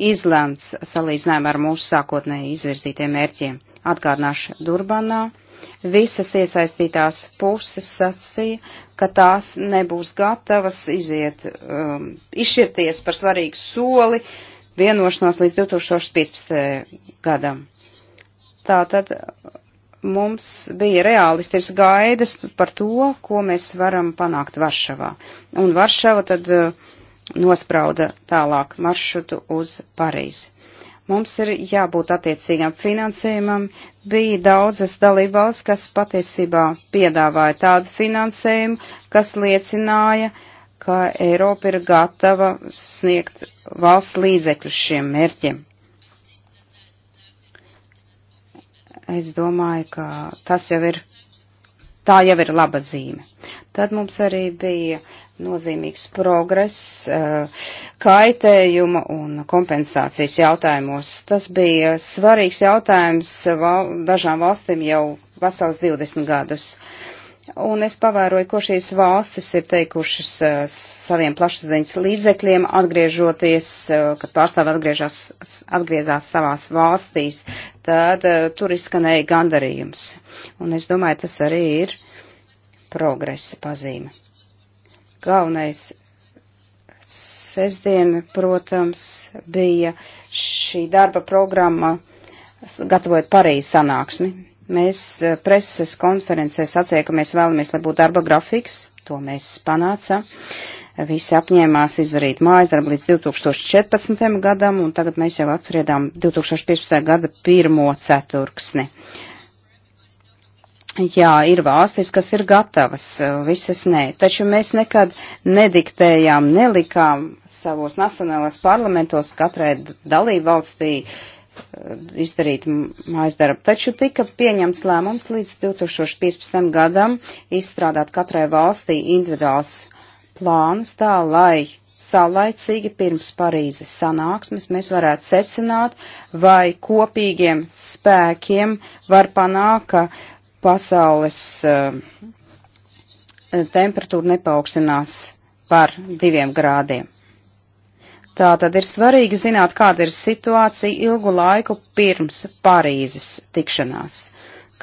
izlemts salīdzinājumā ar mūsu sākotnēji izvirzītiem mērķiem. Atgādināšu Durbanā. Visas iesaistītās puses sacīja, ka tās nebūs gatavas iziet, um, izšķirties par svarīgu soli vienošanos līdz 2015. gadam. Tātad mums bija realistisks gaidas par to, ko mēs varam panākt Varšavā. Un Varšava tad uh, nosprauda tālāk maršrutu uz Parīzi. Mums ir jābūt attiecīgam finansējumam. Bija daudzas dalībvalsts, kas patiesībā piedāvāja tādu finansējumu, kas liecināja, ka Eiropa ir gatava sniegt valsts līdzekļus šiem mērķiem. Es domāju, ka tas jau ir Tā jau ir laba zīme. Tad mums arī bija nozīmīgs progress eh, kaitējuma un kompensācijas jautājumos. Tas bija svarīgs jautājums dažām valstīm jau vesels 20 gadus. Uh, Un es pavēroju, ko šīs valstis ir teikušas eh, saviem plašsaziņas līdzekļiem, atgriežoties, eh, kad pārstāvi atgriezās savās valstīs, tad eh, tur izskanēja gandarījums. Un es domāju, tas arī ir progresa pazīme. Galvenais sestdien, protams, bija šī darba programma, gatavojot Parīzes sanāksmi Mēs eh, preses konferencē sacīja, ka mēs vēlamies, lai būtu darba grafiks, to mēs panāca. Visi apņēmās izdarīt mājas darbu līdz 2014. gadam, un tagad mēs jau apspriedām 2015. gada pirmo ceturksni. Jā, ir valstis, kas ir gatavas, eh, visas nē, taču mēs nekad nediktējām, nelikām savos nacionālās parlamentos katrai dalību valstī uh, izdarīt mājas darbu. Taču tika pieņemts lēmums līdz 2015. gadam izstrādāt katrai valstī individuāls plānus tā, lai saulaicīgi pirms Parīzes sanāksmes mēs varētu secināt, vai kopīgiem spēkiem var panākt, ka pasaules uh, temperatūra nepaaugstinās par diviem grādiem. Tā tad ir svarīgi zināt, kāda ir situācija ilgu laiku pirms Parīzes tikšanās.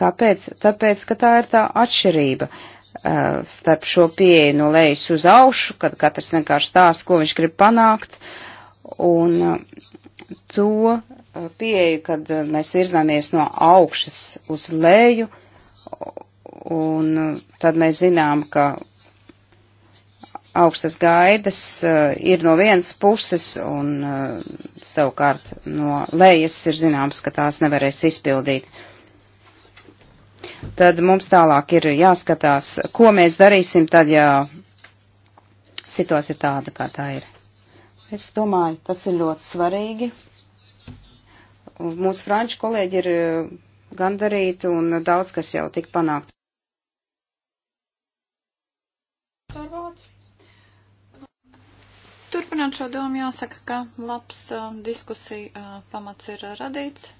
Kāpēc? Tāpēc, ka tā ir tā atšķirība uh, starp šo pieeju no lejas uz augšu, kad katrs vienkārši stāsta, ko viņš grib panākt, un uh, to uh, pieeju, kad uh, mēs virzāmies no augšas uz leju, un uh, tad mēs zinām, ka augstas gaidas eh, ir no vienas puses un eh, savukārt no lejas ir zināms, ka tās nevarēs izpildīt. Tad mums tālāk ir jāskatās, ko mēs darīsim tad, ja situācija ir tāda, kā tā ir. Es domāju, tas ir ļoti svarīgi. Mūsu franču kolēģi ir eh, gandarīti un daudz kas jau tik panākts. Sarvot. Turpinot šo domu, jāsaka, ka labs uh, diskusija uh, pamats ir uh, radīts.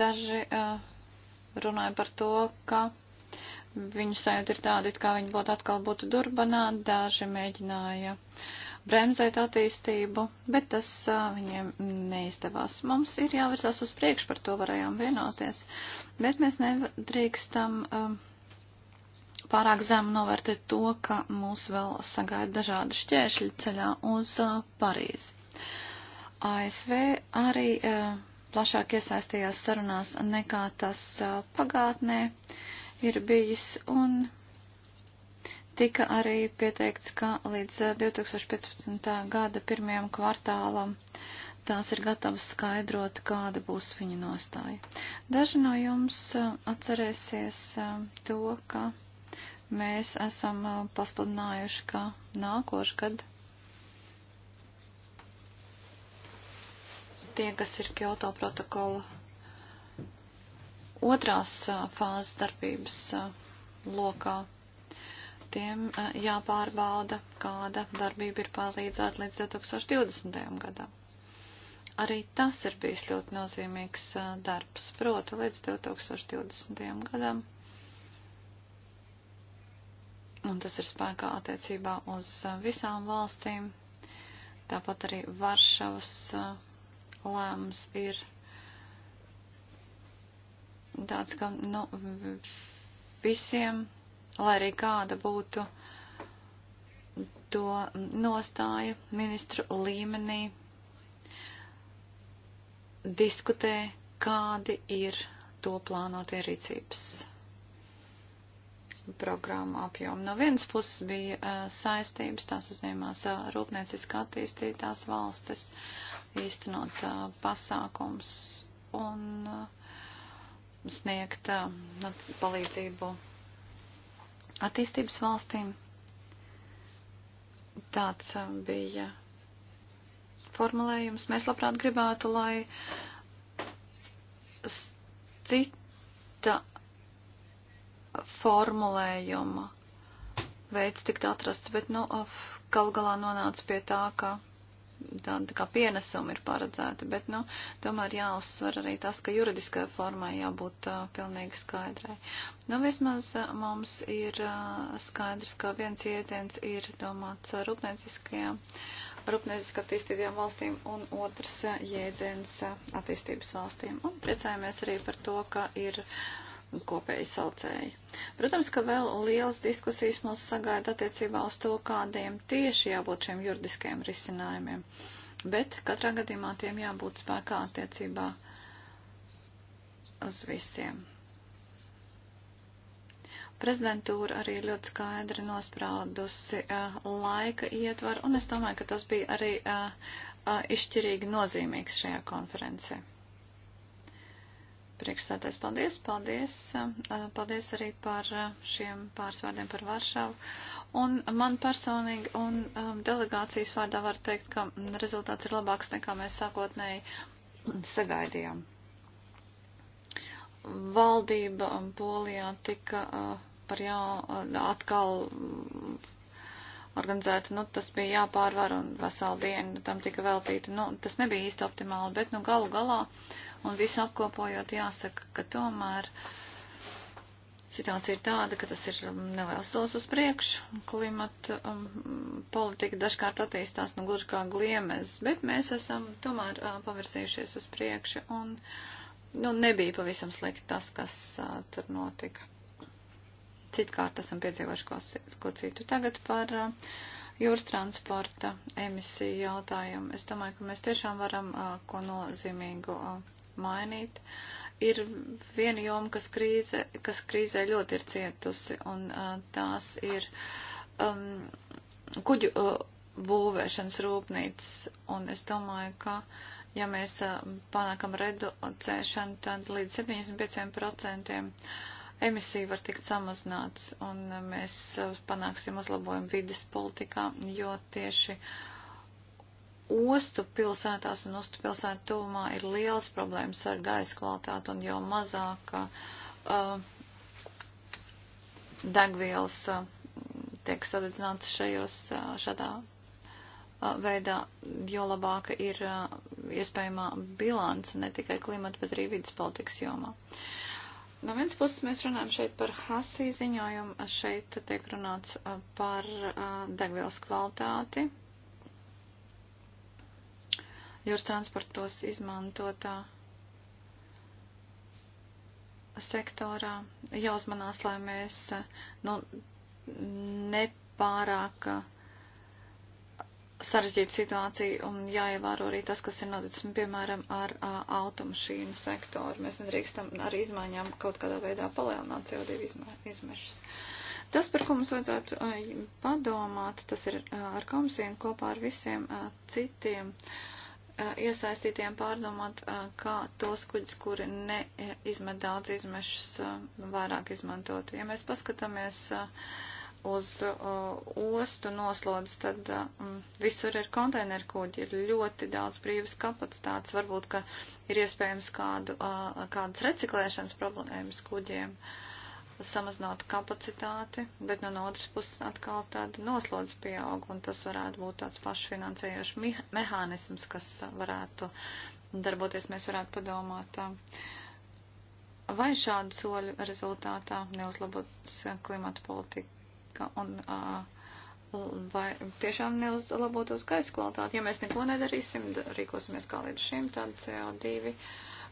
Daži uh, runāja par to, ka viņu sajūta ir tāda, it kā viņi būtu atkal būtu durbanā, daži mēģināja bremzēt attīstību, bet tas uh, viņiem neizdevās. Mums ir jāvirzās uz priekšu, par to varējām vienoties, bet mēs nedrīkstam. Uh, pārāk zemu novērtēt to, ka mūs vēl sagaida dažādi šķēršļi ceļā uz Parīzi. ASV arī plašāk iesaistījās sarunās nekā tas pagātnē ir bijis un tika arī pieteikts, ka līdz 2015. gada pirmajam kvartālam tās ir gatavas skaidrot, kāda būs viņa nostāja. Daži no jums atcerēsies to, ka mēs esam uh, pasludinājuši, ka nākošu gadu tie, kas ir Kyoto protokola otrās uh, fāzes darbības uh, lokā, tiem jāpārbauda, kāda darbība ir palīdzēta līdz 2020. gadam. Arī tas ir bijis ļoti nozīmīgs darbs, proti līdz 2020. gadam un tas ir spēkā attiecībā uz uh, visām valstīm. Tāpat arī Varšavas uh, lēmums ir tāds, ka nu, visiem, lai arī kāda būtu to nostāja ministru līmenī, diskutē, kādi ir to plānotie rīcības programmu apjomu. No vienas puses bija uh, saistības, tās uzņēmās uh, rūpnieciski attīstītās valstis, īstenot uh, pasākums un uh, sniegt uh, palīdzību attīstības valstīm. Tāds uh, bija formulējums. Mēs labprāt gribētu, lai cita formulējuma veids tikt atrasts, bet, nu, gal galā nonāca pie tā, ka tāda tā kā pienesuma ir paredzēta, bet, nu, tomēr jāuzsver arī tas, ka juridiskai formai jābūt uh, pilnīgi skaidrai. Nu, vismaz uh, mums ir uh, skaidrs, ka viens iedziens ir domāts uh, rūpnieciskajām, rūpnieciski attīstītajām valstīm un otrs uh, jēdziens uh, attīstības valstīm. Un priecājamies arī par to, ka ir. Uh, kopēji saucēji. Protams, ka vēl liels diskusijas mūs sagaida attiecībā uz to, kādiem tieši jābūt šiem juridiskajiem risinājumiem, bet katrā gadījumā tiem jābūt spēkā attiecībā uz visiem. Prezidentūra arī ļoti skaidri nospraudusi uh, laika ietvaru, un es domāju, ka tas bija arī uh, uh, izšķirīgi nozīmīgs šajā konferencē. Priekšsētais paldies, paldies, eh, paldies arī par eh, šiem pāris vārdiem par Varšavu. Un man personīgi un um, delegācijas vārdā var teikt, ka mm, rezultāts ir labāks nekā mēs sākotnēji mm, sagaidījām. Valdība mm, Polijā tika uh, par jā, atkal organizēta, nu, tas bija jāpārvar un veselu dienu nu, tam tika veltīta. Nu, tas nebija īsti optimāli, bet, nu, galu galā. Uh, Un visu apkopojot jāsaka, ka tomēr situācija ir tāda, ka tas ir um, neliels solis uz priekšu. Klimata um, politika dažkārt attīstās nu gluži kā gliemez, bet mēs esam tomēr uh, pavirsījušies uz priekšu un nu, nebija pavisam slikti tas, kas uh, tur notika. Citkārt esam piedzīvojuši ko, ko citu. Tagad par uh, jūras transporta emisiju jautājumu. Es domāju, ka mēs tiešām varam uh, ko nozīmīgu. Uh, mainīt. Ir viena joma, kas, krīze, kas krīzē ļoti ir cietusi, un uh, tās ir um, kuģu uh, būvēšanas rūpnīcas, un es domāju, ka ja mēs uh, panākam reducēšanu, tad līdz 75% emisija var tikt samazināts, un uh, mēs uh, panāksim uzlabojumu vides politikā, jo tieši uh, ostu pilsētās un ostu pilsētu tuvumā ir liels problēmas ar gaisa kvalitāti un jau mazāk uh, degvielas uh, tiek sadedzināts šajos uh, šādā uh, veidā, jo labāka ir uh, iespējamā bilance ne tikai klimata, bet arī vidas politikas jomā. No vienas puses mēs runājam šeit par HASI ziņojumu, šeit tiek runāts uh, par degvielas kvalitāti, jūras transportos izmantotā sektorā. Jāuzmanās, lai mēs nu, nepārāk sarežģītu situāciju un jāievēro arī tas, kas ir noticis, nu, piemēram, ar automašīnu sektoru. Mēs nedrīkstam ar izmaiņām kaut kādā veidā palielināt CO2 izmešas. Tas, par ko mums vajadzētu padomāt, tas ir ar komisiju un kopā ar visiem citiem. Uh, iesaistītiem pārdomāt, kā tos kuģus, kuri neizmet daudz izmešus, vairāk izmantot. Ja mēs paskatāmies uz ostu noslodzes, tad visur ir konteineru kuģi, ir ļoti daudz brīvas kapacitātes, varbūt, ka ir iespējams kādu, kādas reciklēšanas problēmas kuģiem. Uh, samazināt kapacitāti, bet nu, no otras puses atkal tāda noslodze pieaug, un tas varētu būt tāds pašfinansējošs mehānisms, kas varētu darboties, mēs varētu padomāt. Vai šādu soļu rezultātā neuzlabotas klimata politika un uh, vai tiešām neuzlabotos gaisa kvalitāti. Ja mēs neko nedarīsim, rīkosimies kā līdz šim, tad CO2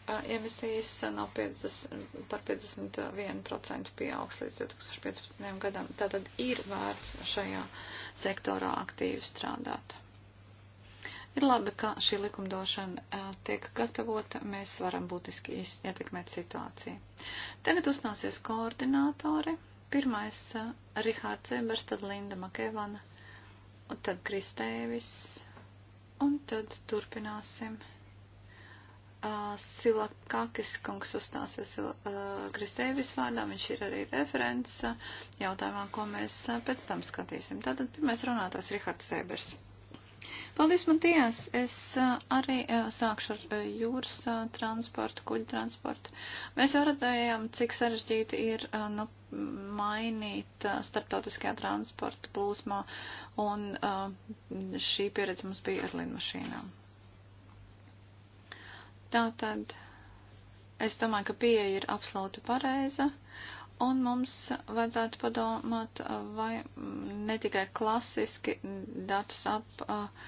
emisijas no 50, par 51% pieaugs līdz 2015. gadam. Tātad ir vērts šajā sektorā aktīvi strādāt. Ir labi, ka šī likumdošana tiek gatavota, mēs varam būtiski ietekmēt situāciju. Tagad uzstāsies koordinātori. Pirmais - Rihards Ebers, tad Linda Makevana, un tad Kristēvis, un tad turpināsim Silakakis kungs uzstāsies Kristēvis vārdā, viņš ir arī referents jautājumā, ko mēs pēc tam skatīsim. Tātad pirmais runātājs Rihards Zēbers. Paldies, Matijas! Es arī sākšu ar jūras transportu, kuģu transportu. Mēs jau redzējām, cik sarežģīti ir nu, mainīt starptautiskajā transporta plūsmā, un šī pieredze mums bija ar lidmašīnām. Tātad es domāju, ka pieeja ir absolūti pareiza. Un mums vajadzētu padomāt, uh, vai mm, ne tikai klasiski datus uh,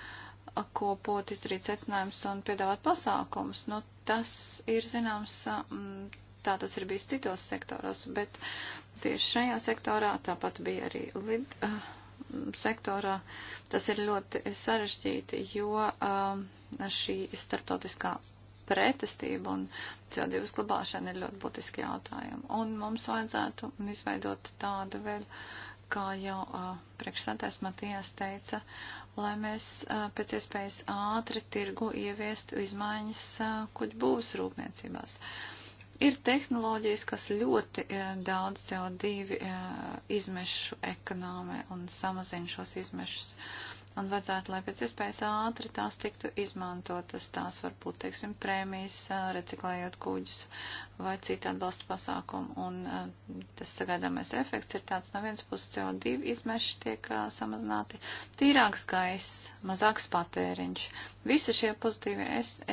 apkopot, izdarīt secinājumus un piedāvāt pasākumus. Nu, tas ir zināms, uh, mm, tā tas ir bijis citos sektoros, bet tieši šajā sektorā, tāpat bija arī lid sektorā, tas ir ļoti sarežģīti, jo šī starptautiskā pretestība un CO2 uzglabāšana ir ļoti būtiski jautājumi. Un mums vajadzētu izveidot tādu vēl, kā jau uh, priekšsēdēs Matijas teica, lai mēs uh, pēc iespējas ātri tirgu ieviestu izmaiņas uh, kuģu būvas rūpniecībās. Ir tehnoloģijas, kas ļoti uh, daudz CO2 uh, izmešu ekonomē un samazina šos izmešus. Uh, un vajadzētu, lai pēc iespējas ātri tās tiktu izmantotas. Tās var būt, teiksim, prēmijas, reciklējot kuģus vai citu atbalstu pasākumu. Un uh, tas sagaidāmais efekts ir tāds, no vienas puses CO2 izmeši tiek uh, samazināti, tīrāks gaiss, mazāks patēriņš. Visi šie pozitīvie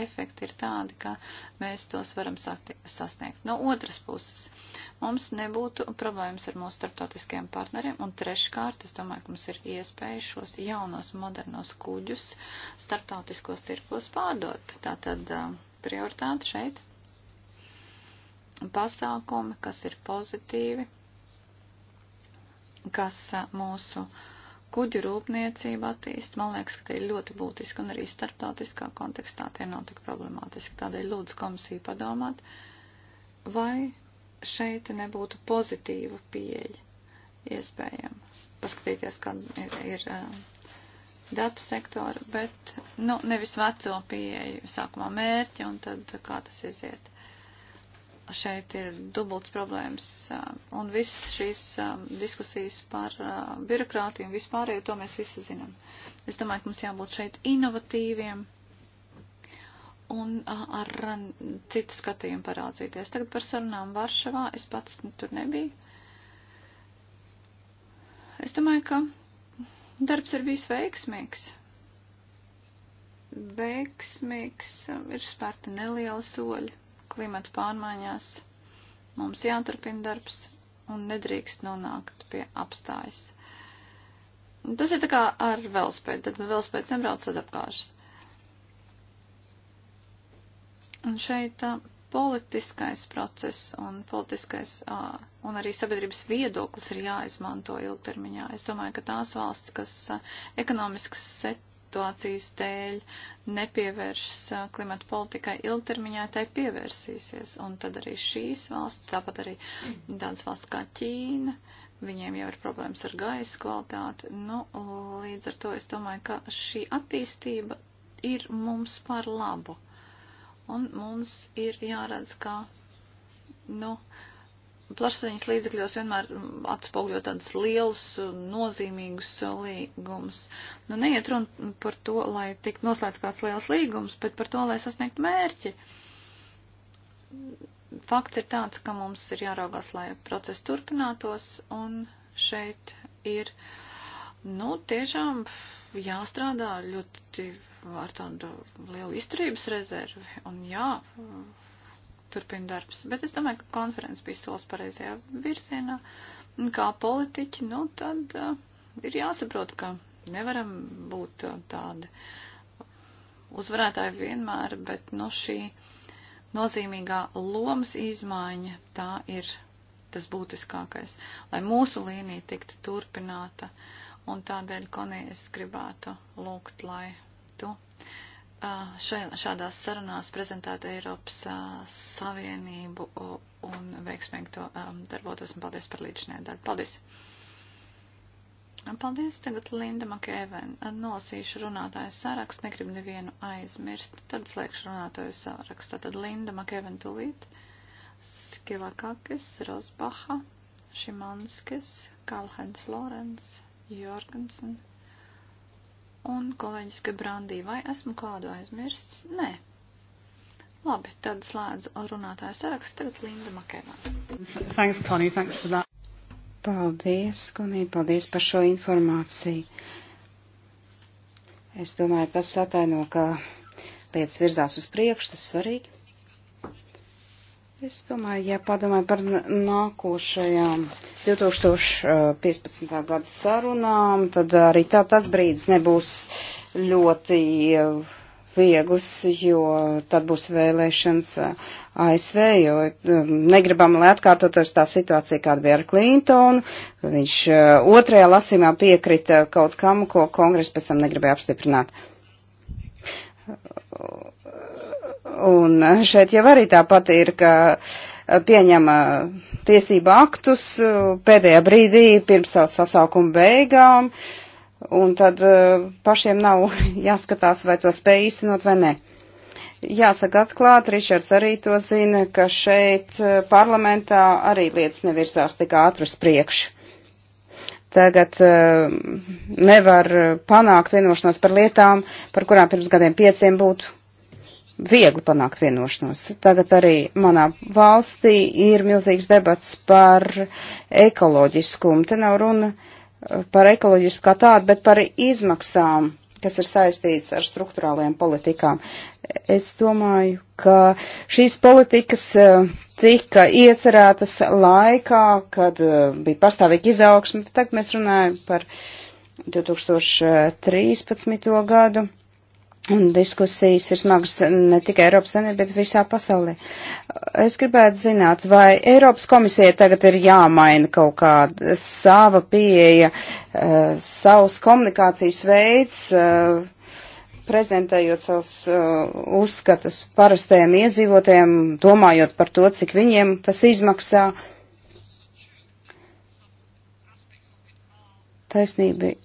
efekti ir tādi, ka mēs tos varam sasniegt. No otras puses, mums nebūtu problēmas ar mūsu starptautiskajiem partneriem. Un treškārt, es domāju, ka mums ir iespēja šos jaunos modernos kuģus starptautiskos tirpos pārdot. Tātad uh, prioritāte šeit pasākumi, kas ir pozitīvi, kas eh, mūsu kuģu rūpniecība attīst. Man liekas, ka tie ir ļoti būtiski un arī starptautiskā kontekstā tie nav tik problemātiski. Tādēļ lūdzu komisiju padomāt, vai šeit nebūtu pozitīva pieeja iespējama. Paskatīties, kāda ir, ir eh, datu sektora, bet nu, nevis veco pieeju, sākumā mērķi un tad eh, kā tas iziet šeit ir dubults problēmas. Un viss šīs diskusijas par birokrātiju un vispārējo, to mēs visi zinām. Es domāju, ka mums jābūt šeit inovatīviem un ar citu skatījumu parādzīties. Tagad par sarunām Varšavā. Es pats tur nebiju. Es domāju, ka darbs ir bijis veiksmīgs. Veiksmīgs ir spērta neliela soļa klimata pārmaiņās. Mums jāturpina darbs un nedrīkst nonākt pie apstājas. Tas ir tā kā ar velospēdu, tad velospēds nebrauc sadapkārs. Un šeit tā, politiskais process un politiskais uh, un arī sabiedrības viedoklis ir jāizmanto ilgtermiņā. Es domāju, ka tās valsts, kas uh, ekonomiskas set situācijas dēļ nepievēršas klimata politikai ilgtermiņā, tai pievērsīsies. Un tad arī šīs valsts, tāpat arī tādas valsts kā Ķīna, viņiem jau ir problēmas ar gaisa kvalitāti. Nu, līdz ar to es domāju, ka šī attīstība ir mums par labu. Un mums ir jāredz, ka, nu, no, plašsaziņas līdzekļos vienmēr mm, atspoguļo tādus lielus, nozīmīgus līgumus. Nu, neiet runa par to, lai tik noslēdz kāds liels līgums, bet par to, lai sasniegtu mērķi. Fakts ir tāds, ka mums ir jāraugās, lai process turpinātos, un šeit ir, nu, tiešām jāstrādā ļoti ar tādu lielu izturības rezervi, un jā, jāturpina darbs. Bet es domāju, ka konferences bija solis pareizajā virzienā. Un kā politiķi, nu tad uh, ir jāsaprot, ka nevaram būt uh, tādi uzvarētāji vienmēr, bet no nu, šī nozīmīgā lomas izmaiņa tā ir tas būtiskākais, lai mūsu līnija tiktu turpināta. Un tādēļ, Konī, es gribētu lūgt, lai tu šādās sarunās prezentētu Eiropas Savienību un veiksmīgi to darbotos. Un paldies par līdzinājumu darbu. Paldies! Paldies, tagad Linda Makēven. Nolasīšu runātāju sarakstu, negribu nevienu aizmirst. Tad slēgšu runātāju sarakstu. Tad Linda Makēven tulīt, Skilakakis, Rosbaha, Šimanskis, Kalhens Florens, Jorgensen un kolēģis Gebrandī. Vai esmu kādu aizmirsts? Nē. Labi, tad slēdzu runātāju sarakstu. Tagad Linda Makēvā. Thanks, Connie, thanks for that. Paldies, Connie, paldies par šo informāciju. Es domāju, tas ataino, ka lietas virzās uz priekšu, tas svarīgi. Es domāju, ja padomāju par nākošajām 2015. gada sarunām, tad arī tā tas brīdis nebūs ļoti uh, viegls, jo tad būs vēlēšanas uh, ASV, jo um, negribam, lai atkārtotos tā situācija, kāda bija ar Klintonu. Viņš uh, otrajā lasīmā piekrita kaut kam, ko kongress pēc tam negribēja apstiprināt Un šeit jau arī tāpat ir, ka pieņem uh, tiesību aktus uh, pēdējā brīdī pirms savu sasaukumu beigām, un tad uh, pašiem nav jāskatās, vai to spēj īstenot vai nē. Jāsaka atklāt, Ričards arī to zina, ka šeit parlamentā arī lietas nevirzās tik ātri uz priekšu. Tagad nevar panākt vienošanos par lietām, par kurām pirms gadiem pieciem būtu viegli panākt vienošanos. Tagad arī manā valstī ir milzīgs debats par ekoloģiskumu. Te nav runa eh, par ekoloģisku kā tādu, bet par izmaksām, kas ir saistīts ar struktūrālajām politikām. Es domāju, ka šīs politikas eh, tika iecerētas laikā, kad eh, bija pastāvīgi izaugsme, bet tagad mēs runājam par 2013. gadu Un diskusijas ir smagas ne tikai Eiropas Savienībā, bet visā pasaulē. Es gribētu zināt, vai Eiropas komisija tagad ir jāmaina kaut kāda sava pieeja, uh, savs komunikācijas veids, uh, prezentējot savus uh, uzskatus parastajiem iedzīvotājiem, domājot par to, cik viņiem tas izmaksā. Taisnība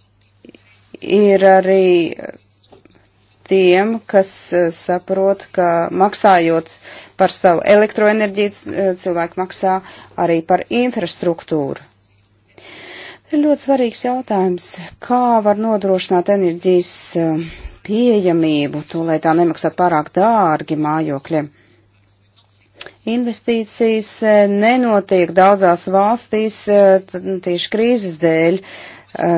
ir arī. Uh, tiem, kas eh, saprot, ka maksājot par savu elektroenerģiju, eh, cilvēki maksā arī par infrastruktūru. Ir ļoti svarīgs jautājums, kā var nodrošināt enerģijas eh, pieejamību, to, lai tā nemaksātu pārāk dārgi mājokļiem. Investīcijas nenotiek daudzās valstīs tieši krīzes dēļ,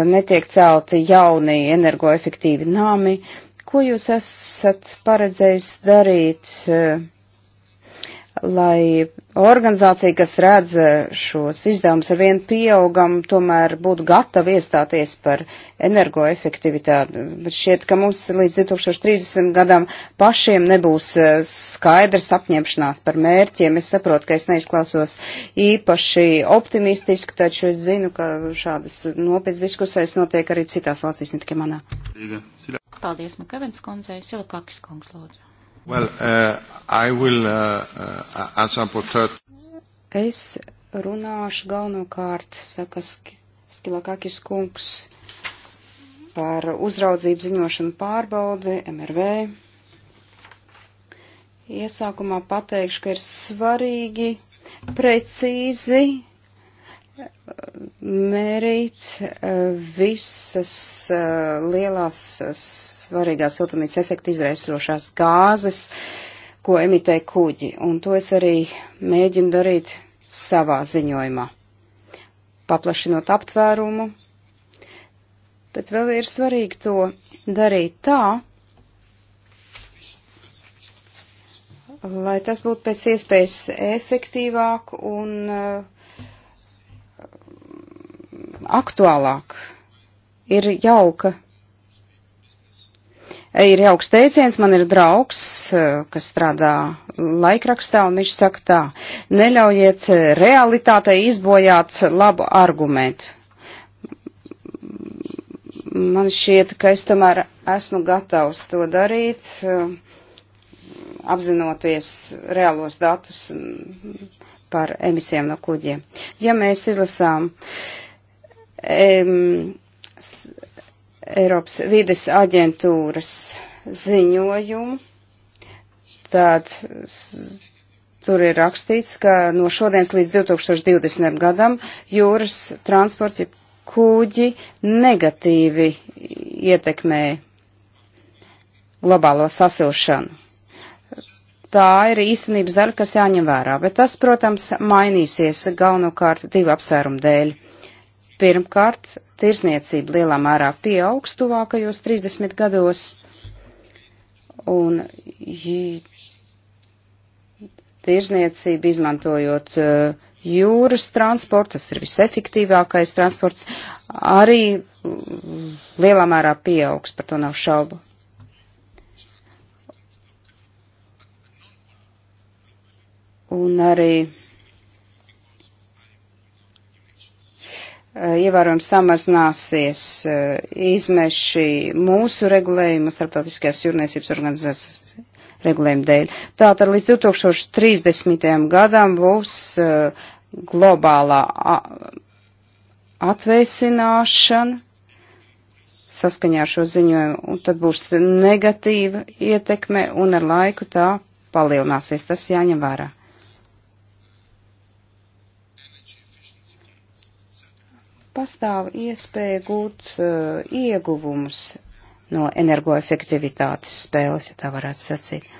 netiek celti jauni energoefektīvi nami, Ko jūs esat paredzējis darīt, e, lai organizācija, kas redz e, šos izdevumus ar vienu pieaugam, tomēr būtu gatava iestāties par energoefektivitāti? Bet šķiet, ka mums līdz 2030 gadam pašiem nebūs e, skaidrs apņemšanās par mērķiem. Es saprotu, ka es neizklausos īpaši optimistiski, taču es zinu, ka šādas nopietnas diskusijas notiek arī citās valstīs, ne tikai manā. Paldies, Makavens kundzei, Silakakis kungs, lūdzu. Well, uh, I will, uh, uh, as a portrait... Es runāšu galvenokārt, saka Skilakakis kungs, par uzraudzību ziņošanu pārbaudi, MRV. Iesākumā pateikšu, ka ir svarīgi precīzi mērīt eh, visas eh, lielās eh, svarīgās siltumnīcas efekta izraisošās gāzes, ko emitē kuģi. Un to es arī mēģinu darīt savā ziņojumā, paplašinot aptvērumu. Bet vēl ir svarīgi to darīt tā, lai tas būtu pēc iespējas efektīvāk un uh, aktuālāk. Ir jauka. Ir jauks teiciens, man ir draugs, eh, kas strādā laikrakstā, un viņš saka tā, neļaujiet realitātei izbojāt labu argumentu. Man šķiet, ka es tomēr esmu gatavs to darīt, eh, apzinoties reālos datus par emisijām no kuģiem. Ja mēs izlasām uh, Eiropas vides aģentūras ziņojumu, tad tur ir rakstīts, ka no šodienas līdz 2020. gadam jūras transports ir kūģi negatīvi ietekmē globālo sasilšanu. Tā ir īstenības daļa, kas jāņem vērā, bet tas, protams, mainīsies galvenokārt divu apsvērumu dēļ. Pirmkārt, tirzniecība lielā mērā pieaugs tuvākajos 30 gados, un tirzniecība izmantojot e, jūras transportu, tas ir visefektīvākais transports, arī lielā mērā pieaugs, par to nav šaubu. Un arī Eh, ievērojami samazināsies eh, izmeši mūsu regulējuma starptautiskajās jūrniecības organizācijas regulējuma dēļ. Tātad līdz 2030. gadam būs eh, globālā atvēsināšana saskaņā ar šo ziņojumu, un tad būs negatīva ietekme, un ar laiku tā palielināsies. Tas jāņem vērā. pastāv iespēja gūt uh, ieguvumus no energoefektivitātes spēles, ja tā varētu sacīt.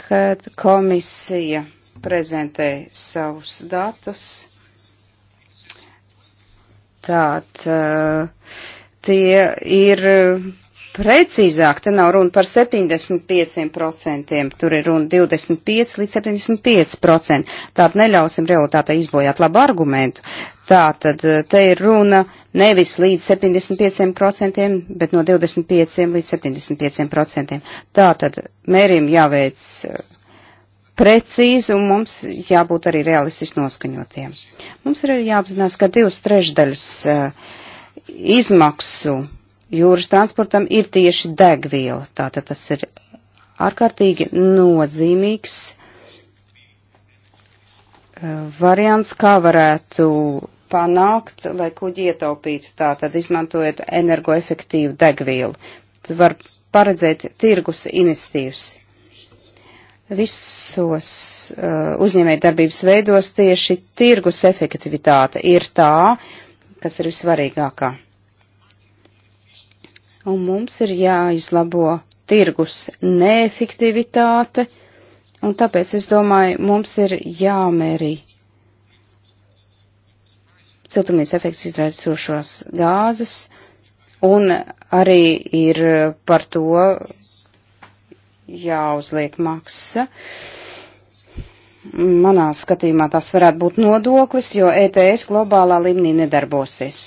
Kad komisija prezentē savus datus, tātad uh, eh, tie ir. Uh, Precīzāk, te nav runa par 75%, tur ir runa 25 līdz 75%. Tātad neļausim realitātei izbojāt labu argumentu. Tātad eh, te ir runa nevis līdz 75%, bet no 25 līdz 75%. Tātad mērījumi jāveic eh, precīzi un mums jābūt arī realistiski noskaņotiem. Mums ir arī jāapzinās, ka divas trešdaļas uh, izmaksu jūras transportam ir tieši degviela. Tātad tas ir ārkārtīgi nozīmīgs eh, variants, kā varētu panākt, lai kuģi ietaupītu. Tātad izmantojot energoefektīvu degvielu. Tad var paredzēt tirgus inicitīvas. Visos uh, uzņēmējdarbības veidos tieši tirgus efektivitāte ir tā, kas ir visvarīgākā un mums ir jāizlabo tirgus neefektivitāte, un tāpēc es domāju, mums ir jāmērī siltumnīca efekts izraisošās gāzes, un arī ir par to jāuzliek maksa. Manā skatījumā tas varētu būt nodoklis, jo ETS globālā līmenī nedarbosies.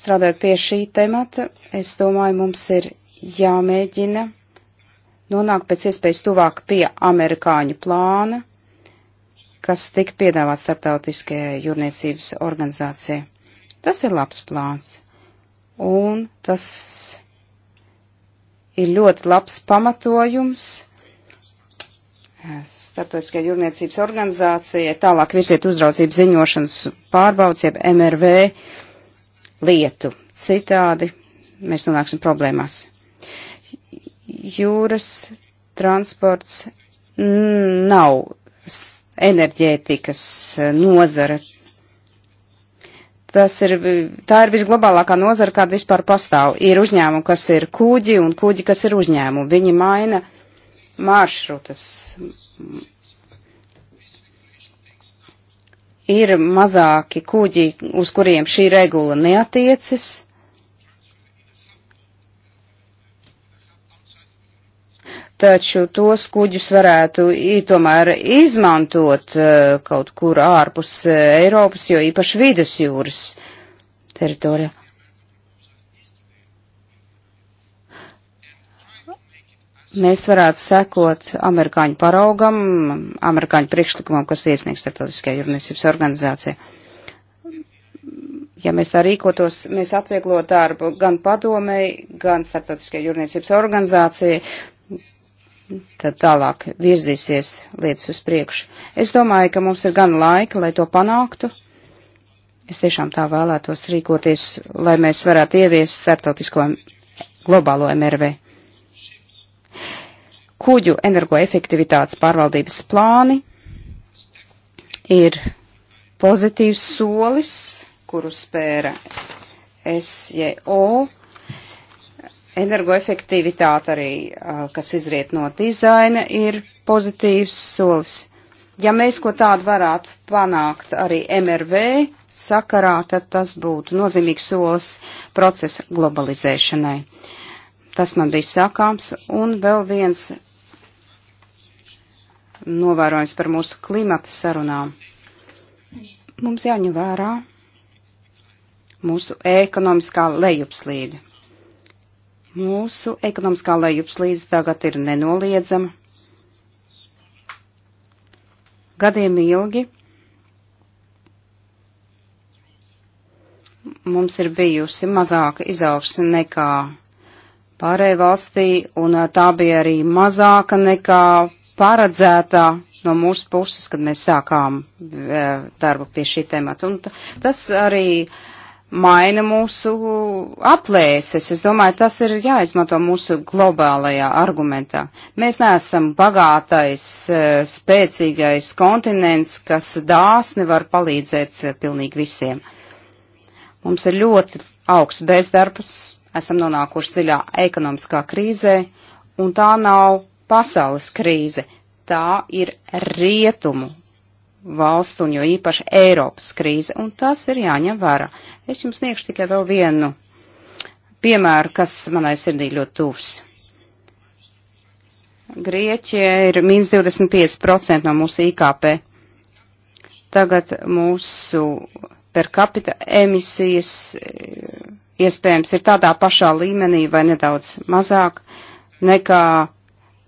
strādājot pie šī temata, es domāju, mums ir jāmēģina nonākt pēc iespējas tuvāk pie amerikāņu plāna, kas tika piedāvāts starptautiskajai jūrniecības organizācijai. Tas ir labs plāns, un tas ir ļoti labs pamatojums eh, starptautiskajai jūrniecības organizācijai tālāk virziet uzraudzības ziņošanas pārbaudas, jeb MRV lietu. Citādi mēs nonāksim problēmās. Jūras transports nav enerģētikas e, nozara. Tas ir, tā ir visglobālākā nozara, kāda vispār pastāv. Ir uzņēmumi, kas ir kuģi un kuģi, kas ir uzņēmumi. Viņi maina maršrutas, ir mazāki kuģi, uz kuriem šī regula neatiecas. Taču tos kuģus varētu tomēr izmantot e, kaut kur ārpus e, Eiropas, jo īpaši vidusjūras teritorijā. mēs varētu sekot amerikāņu paraugam, amerikāņu priekšlikumam, kas iesniegs starptautiskajā jūrniecības organizācijā. Ja mēs tā rīkotos, mēs atvieglot darbu gan padomei, gan starptautiskajai jūrniecības organizācijai, tad tālāk virzīsies lietas uz priekšu. Es domāju, ka mums ir gan laika, lai to panāktu. Es tiešām tā vēlētos rīkoties, lai mēs varētu ieviest starptautisko globālo MRV kuģu energoefektivitātes pārvaldības plāni ir pozitīvs solis, kuru spēra SJO. Energoefektivitāte arī, kas izriet no dizaina, ir pozitīvs solis. Ja mēs ko tādu varētu panākt arī MRV sakarā, tad tas būtu nozīmīgs solis procesa globalizēšanai. Tas man bija sakāms, un vēl viens novērojums par mūsu klimata sarunām. Mums jāņem vērā mūsu ekonomiskā lejupslīde. Mūsu ekonomiskā lejupslīde tagad ir nenoliedzama. Gadiem ilgi mums ir bijusi mazāka izaugsme nekā pārējai valstī, un tā bija arī mazāka nekā paredzētā no mūsu puses, kad mēs sākām darbu pie šī temata. Un tas arī maina mūsu aplēses. Es domāju, tas ir jāizmanto mūsu globālajā argumentā. Mēs neesam bagātais, spēcīgais kontinents, kas dāsni var palīdzēt pilnīgi visiem. Mums ir ļoti augsts bezdarbs, esam nonākuši dziļā ekonomiskā krīzē, un tā nav pasaules krīze, tā ir rietumu valstu un jo īpaši Eiropas krīze, un tas ir jāņem vērā. Es jums sniegšu tikai vēl vienu piemēru, kas manai sirdī ļoti tuvs. Grieķija ir mīnus 25% no mūsu IKP. Tagad mūsu per capita emisijas iespējams ir tādā pašā līmenī vai nedaudz mazāk nekā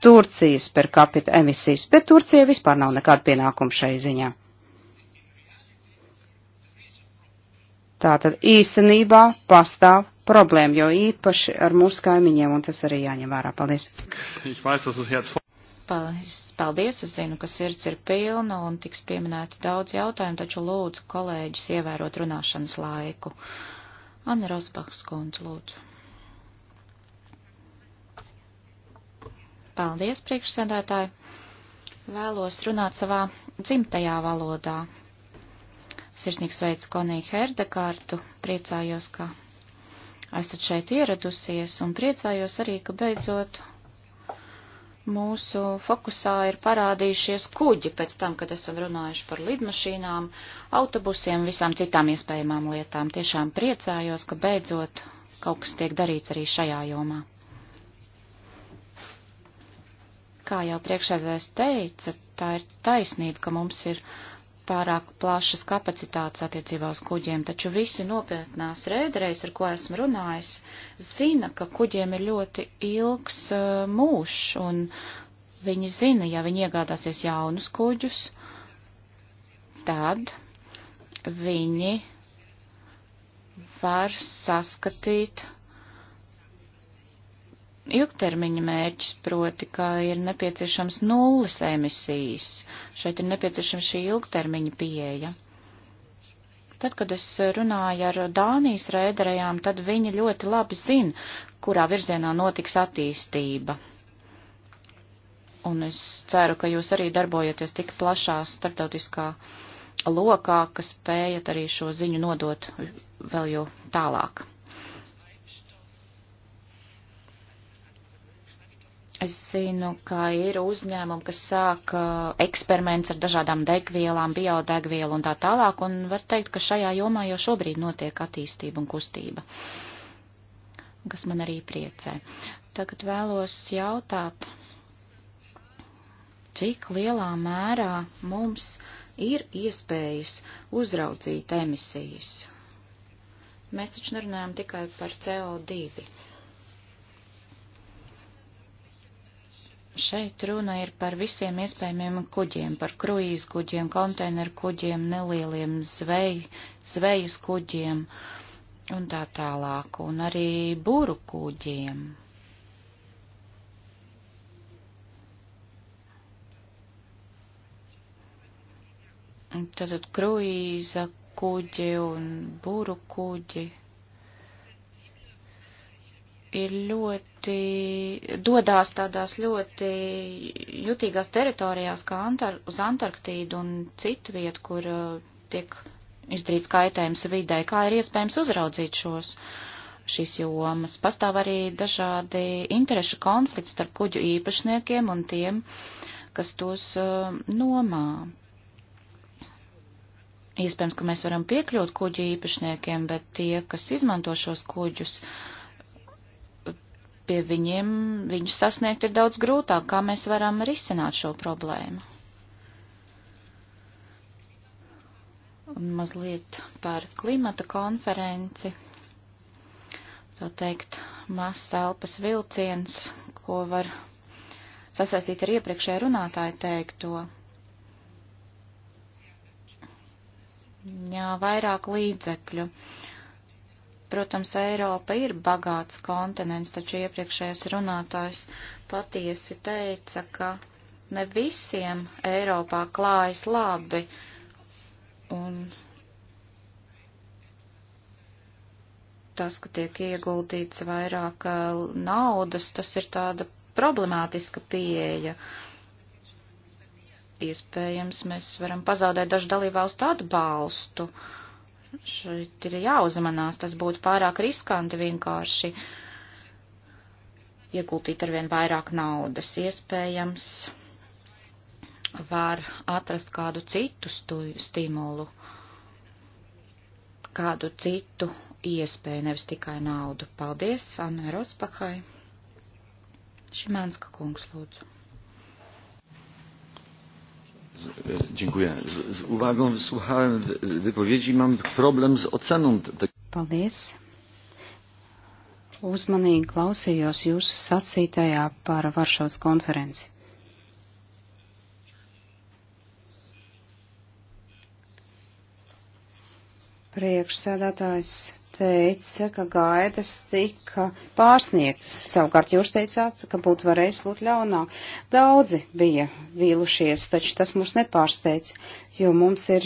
Turcijas per capita emisijas, bet Turcija vispār nav nekāda pienākuma šai ziņā. Tātad īstenībā pastāv problēma, jo īpaši ar mūsu kaimiņiem, un tas arī jāņem vērā. Paldies! Paldies, es zinu, ka sirds ir pilna un tiks pieminēti daudz jautājumu, taču lūdzu kolēģis ievērot runāšanas laiku. Anna Rosbachs kundze, lūdzu. Paldies, priekšsēdētāji! Vēlos runāt savā dzimtajā valodā. Sirsnīgs veids Koniju Herdekārtu, priecājos, ka esat šeit ieradusies un priecājos arī, ka beidzot mūsu fokusā ir parādījušies kuģi pēc tam, kad esam runājuši par lidmašīnām, autobusiem, visām citām iespējamām lietām. Tiešām priecājos, ka beidzot kaut kas tiek darīts arī šajā jomā. Kā jau priekšēdēs teica, tā ir taisnība, ka mums ir pārāk plašas kapacitātes attiecībā uz kuģiem, taču visi nopietnās rēderējas, ar ko esmu runājis, zina, ka kuģiem ir ļoti ilgs uh, mūžs, un viņi zina, ja viņi iegādāsies jaunus kuģus, tad viņi var saskatīt ilgtermiņa mērķis, proti, ka ir nepieciešams nulles emisijas. Šeit ir nepieciešama šī ilgtermiņa pieeja. Tad, kad es runāju ar Dānijas rēderējām, tad viņi ļoti labi zina, kurā virzienā notiks attīstība. Un es ceru, ka jūs arī darbojaties tik plašā starptautiskā lokā, ka spējat arī šo ziņu nodot vēl jau tālāk. Es zinu, ka ir uzņēmumi, kas sāk uh, eksperiments ar dažādām degvielām, biodegvielu un tā tālāk, un var teikt, ka šajā jomā jau šobrīd notiek attīstība un kustība, kas man arī priecē. Tagad vēlos jautāt, cik lielā mērā mums ir iespējas uzraudzīt emisijas. Mēs taču nerunājam tikai par CO2. Šeit runa ir par visiem iespējamiem kuģiem, par kruīz kuģiem, konteineru kuģiem, nelieliem zvej, zvejas kuģiem un tā tālāk, un arī būru kuģiem. Tātad kruīza kuģi un būru kuģi ir ļoti, dodās tādās ļoti jutīgās teritorijās kā Antar uz Antarktīdu un citu vietu, kur uh, tiek izdarīts kaitējums vidē. Kā ir iespējams uzraudzīt šos, šīs jomas? Pastāv arī dažādi interešu konflikti starp kuģu īpašniekiem un tiem, kas tos uh, nomā. Iespējams, ka mēs varam piekļūt kuģu īpašniekiem, bet tie, kas izmanto šos kuģus, uh, pie viņiem viņus sasniegt ir daudz grūtāk, kā mēs varam risināt šo problēmu. Un mazliet par klimata konferenci. Tā teikt, mazs elpas vilciens, ko var sasaistīt ar iepriekšēju runātāju teikto. Jā, vairāk līdzekļu. Uh, Protams, Eiropa ir bagāts kontinents, taču iepriekšējais runātājs patiesi teica, ka ne visiem Eiropā klājas labi. Un tas, ka tiek ieguldīts vairāk eh, naudas, tas ir tāda problemātiska pieeja. Iespējams, mēs varam pazaudēt dažu dalībvalstu atbalstu. Uh, Šeit ir jāuzmanās, tas būtu pārāk riskanti vienkārši ieguldīt arvien vairāk naudas. Iespējams, var atrast kādu citu stimulu, kādu citu iespēju, nevis tikai naudu. Paldies, Anna Rospakai. Šimanska kungs, lūdzu. Dziękuję. Z, z uwagą wysłuchałem wypowiedzi. Mam problem z oceną. Paldies. Uzmanīgi klausījos jūsu sacītajā par Varšavas konferenci. Priekšsēdētājs teica, ka gaidas tika pārsniegtas. Savukārt jūs teicāt, ka būtu varējis būt ļaunāk. Daudzi bija vīlušies, taču tas mūs nepārsteidz, jo mums ir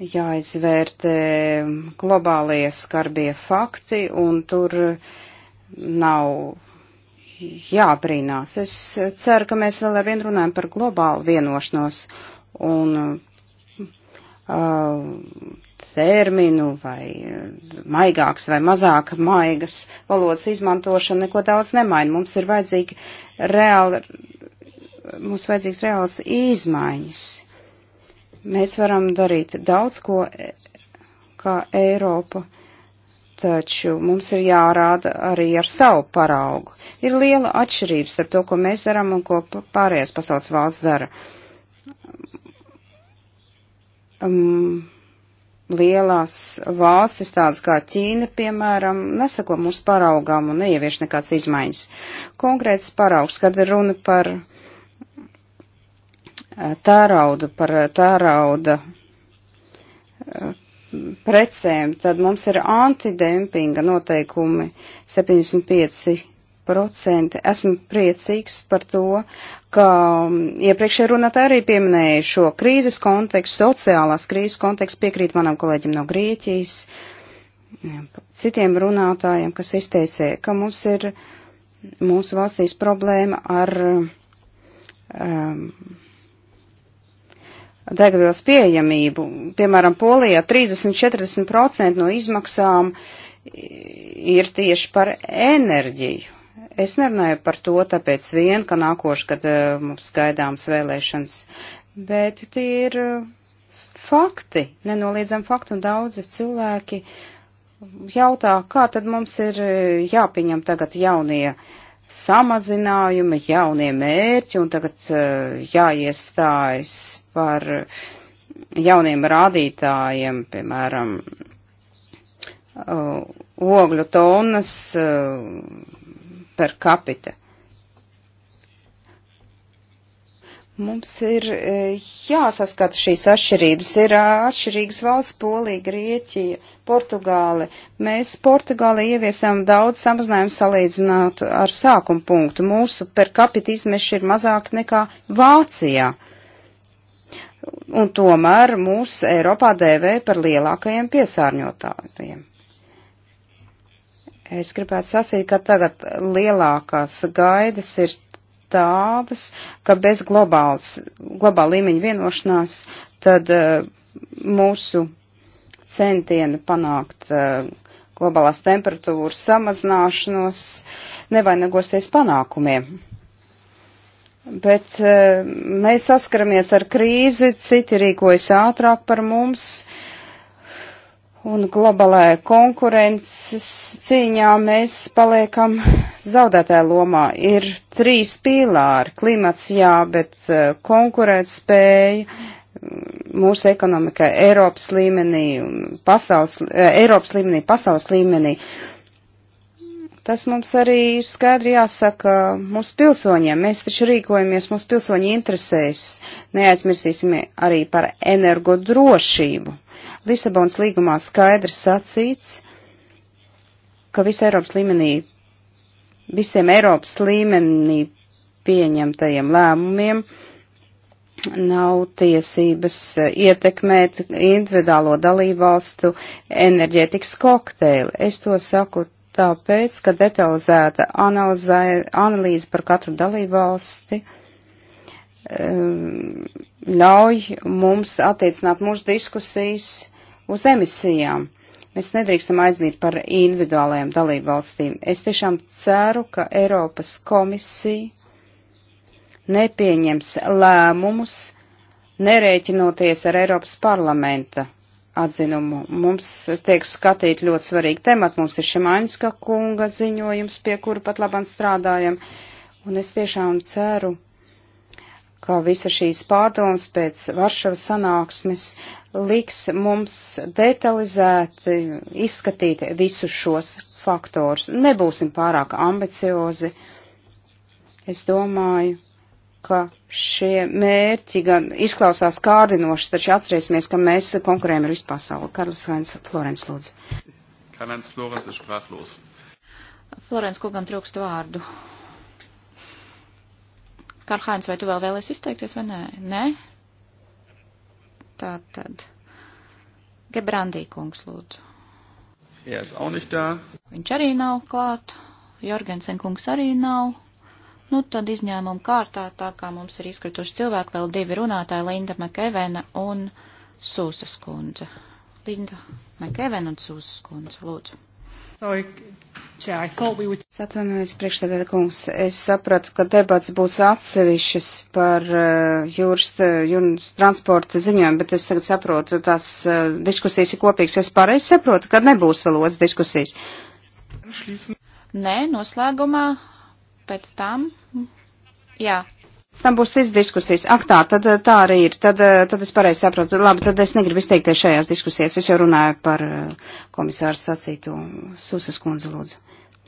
jāizvērtē globālie skarbie fakti, un tur nav jābrīnās. Es ceru, ka mēs vēl ar vienu runājam par globālu vienošanos, un uh, terminu vai eh, maigāks vai mazāk maigas valodas izmantošana neko daudz nemaina. Mums ir vajadzīgi reāli, mums vajadzīgs reāls izmaiņas. Mēs varam darīt daudz ko e, kā Eiropa, taču mums ir jārāda arī ar savu paraugu. Ir liela atšķirība starp to, ko mēs darām un ko pārējās pasaules valsts dara. Um, lielās valstis, tādas kā Ķīna, piemēram, nesako mūsu paraugām un neievieš nekāds izmaiņas. Konkrēts paraugs, kad ir runa par eh, tērauda, par eh, tērauda eh, precēm, tad mums ir antidempinga noteikumi 75 procenti. Esmu priecīgs par to, ka um, iepriekšējā runātā arī pieminēja šo krīzes kontekstu, sociālās krīzes kontekstu, piekrīt manam kolēģim no Grieķijas, citiem runātājiem, kas izteicē, ka mums ir mūsu valstīs problēma ar um, degvielas pieejamību. Piemēram, Polijā 30-40% no izmaksām ir tieši par enerģiju. Es nerunāju par to tāpēc vien, ka nākošu, kad eh, mums gaidāms vēlēšanas, bet tie ir eh, fakti, nenoliedzam fakti, un daudzi cilvēki jautā, kā tad mums ir eh, jāpieņem tagad jaunie samazinājumi, jaunie mērķi, un tagad jāiestājas par jauniem rādītājiem, piemēram, ogļu tonnas, per capita. Mums ir e, jāsaskata šīs atšķirības. Ir e, atšķirīgas valsts - Polija, Grieķija, Portugāle. Mēs Portugāli ieviesam daudz samazinājumu salīdzināt ar sākumu punktu. Mūsu per capita izmeši ir mazāk nekā Vācijā. Un tomēr mūs Eiropā dēvē par lielākajiem piesārņotājiem. Es gribētu sasīt, ka tagad lielākās gaidas ir tādas, ka bez globāls, globāla līmeņa vienošanās, tad uh, mūsu centieni panākt uh, globālās temperatūras samazināšanos nevainagosies panākumiem. Bet uh, mēs saskaramies ar krīzi, citi rīkojas ātrāk par mums, uh, un globalē konkurences cīņā mēs paliekam zaudētā lomā. Ir trīs pīlāri - klimats jā, bet e, konkurēt spēja mūsu ekonomikai Eiropas līmenī, pasaules, e, Eiropas līmenī, pasaules līmenī. Tas mums arī ir skaidri jāsaka mūsu pilsoņiem. Mēs taču rīkojamies mūsu pilsoņu interesēs. Neaizmirsīsim arī par energodrošību Lisabonas līgumā skaidri sacīts, ka visa Eiropas līmenī, visiem Eiropas līmenī pieņemtajiem lēmumiem nav tiesības ietekmēt individuālo dalībvalstu enerģētikas kokteili. Es to saku tāpēc, ka detalizēta analizē, analīze par katru dalībvalsti um, ļauj mums attiecināt mūsu diskusijas uz emisijām. Mēs nedrīkstam aizmirst par individuālajām dalību valstīm. Es tiešām ceru, ka Eiropas komisija nepieņems lēmumus, nerēķinoties ar Eiropas parlamenta atzinumu. Mums tiek skatīt ļoti svarīgi temati. Mums ir Šimaņska kunga ziņojums, pie kura pat labam strādājam. Un es tiešām ceru, ka visa šīs pārdomas pēc Varšavas sanāksmes liks mums detalizēti izskatīt visus šos faktors. Nebūsim pārāk ambiciozi. Es domāju, ka šie mērķi gan izklausās kārdinoši, taču atcerēsimies, ka mēs konkurējam ar visu pasauli. Karls Hainz, Florence, lūdzu. Karls Florence ir sprachlos. Florence kungam trūkst vārdu. Karhāns, vai tu vēl vēlies izteikties vai nē? Nē? Tā tad. Gebrandī kungs, lūdzu. Jā, es auch nicht da. Viņš arī nav klāt. Jorgensen kungs arī nav. Nu, tad izņēmuma kārtā, tā kā mums ir izkrituši cilvēki, vēl divi runātāji, Linda Makevena un Sūsas kundze. Linda Makevena un Sūsas kundze, lūdzu. Sorry. Es atvainojos priekšstādātā kungs. Es sapratu, ka debats būs atsevišķas par uh, jūras, uh, jūras transporta ziņojumu, bet es tagad saprotu, tās uh, diskusijas ir kopīgas. Es pareizi saprotu, ka nebūs vēl otras diskusijas. Nē, noslēgumā pēc tam. Jā, Tam būs cits diskusijas. Ak tā, tad eh, tā arī ir. Tad, eh, tad es pareizi saprotu. Labi, tad es negribu izteikties šajās diskusijās. Es jau runāju par eh, komisāru sacītu Susas kundzi lūdzu.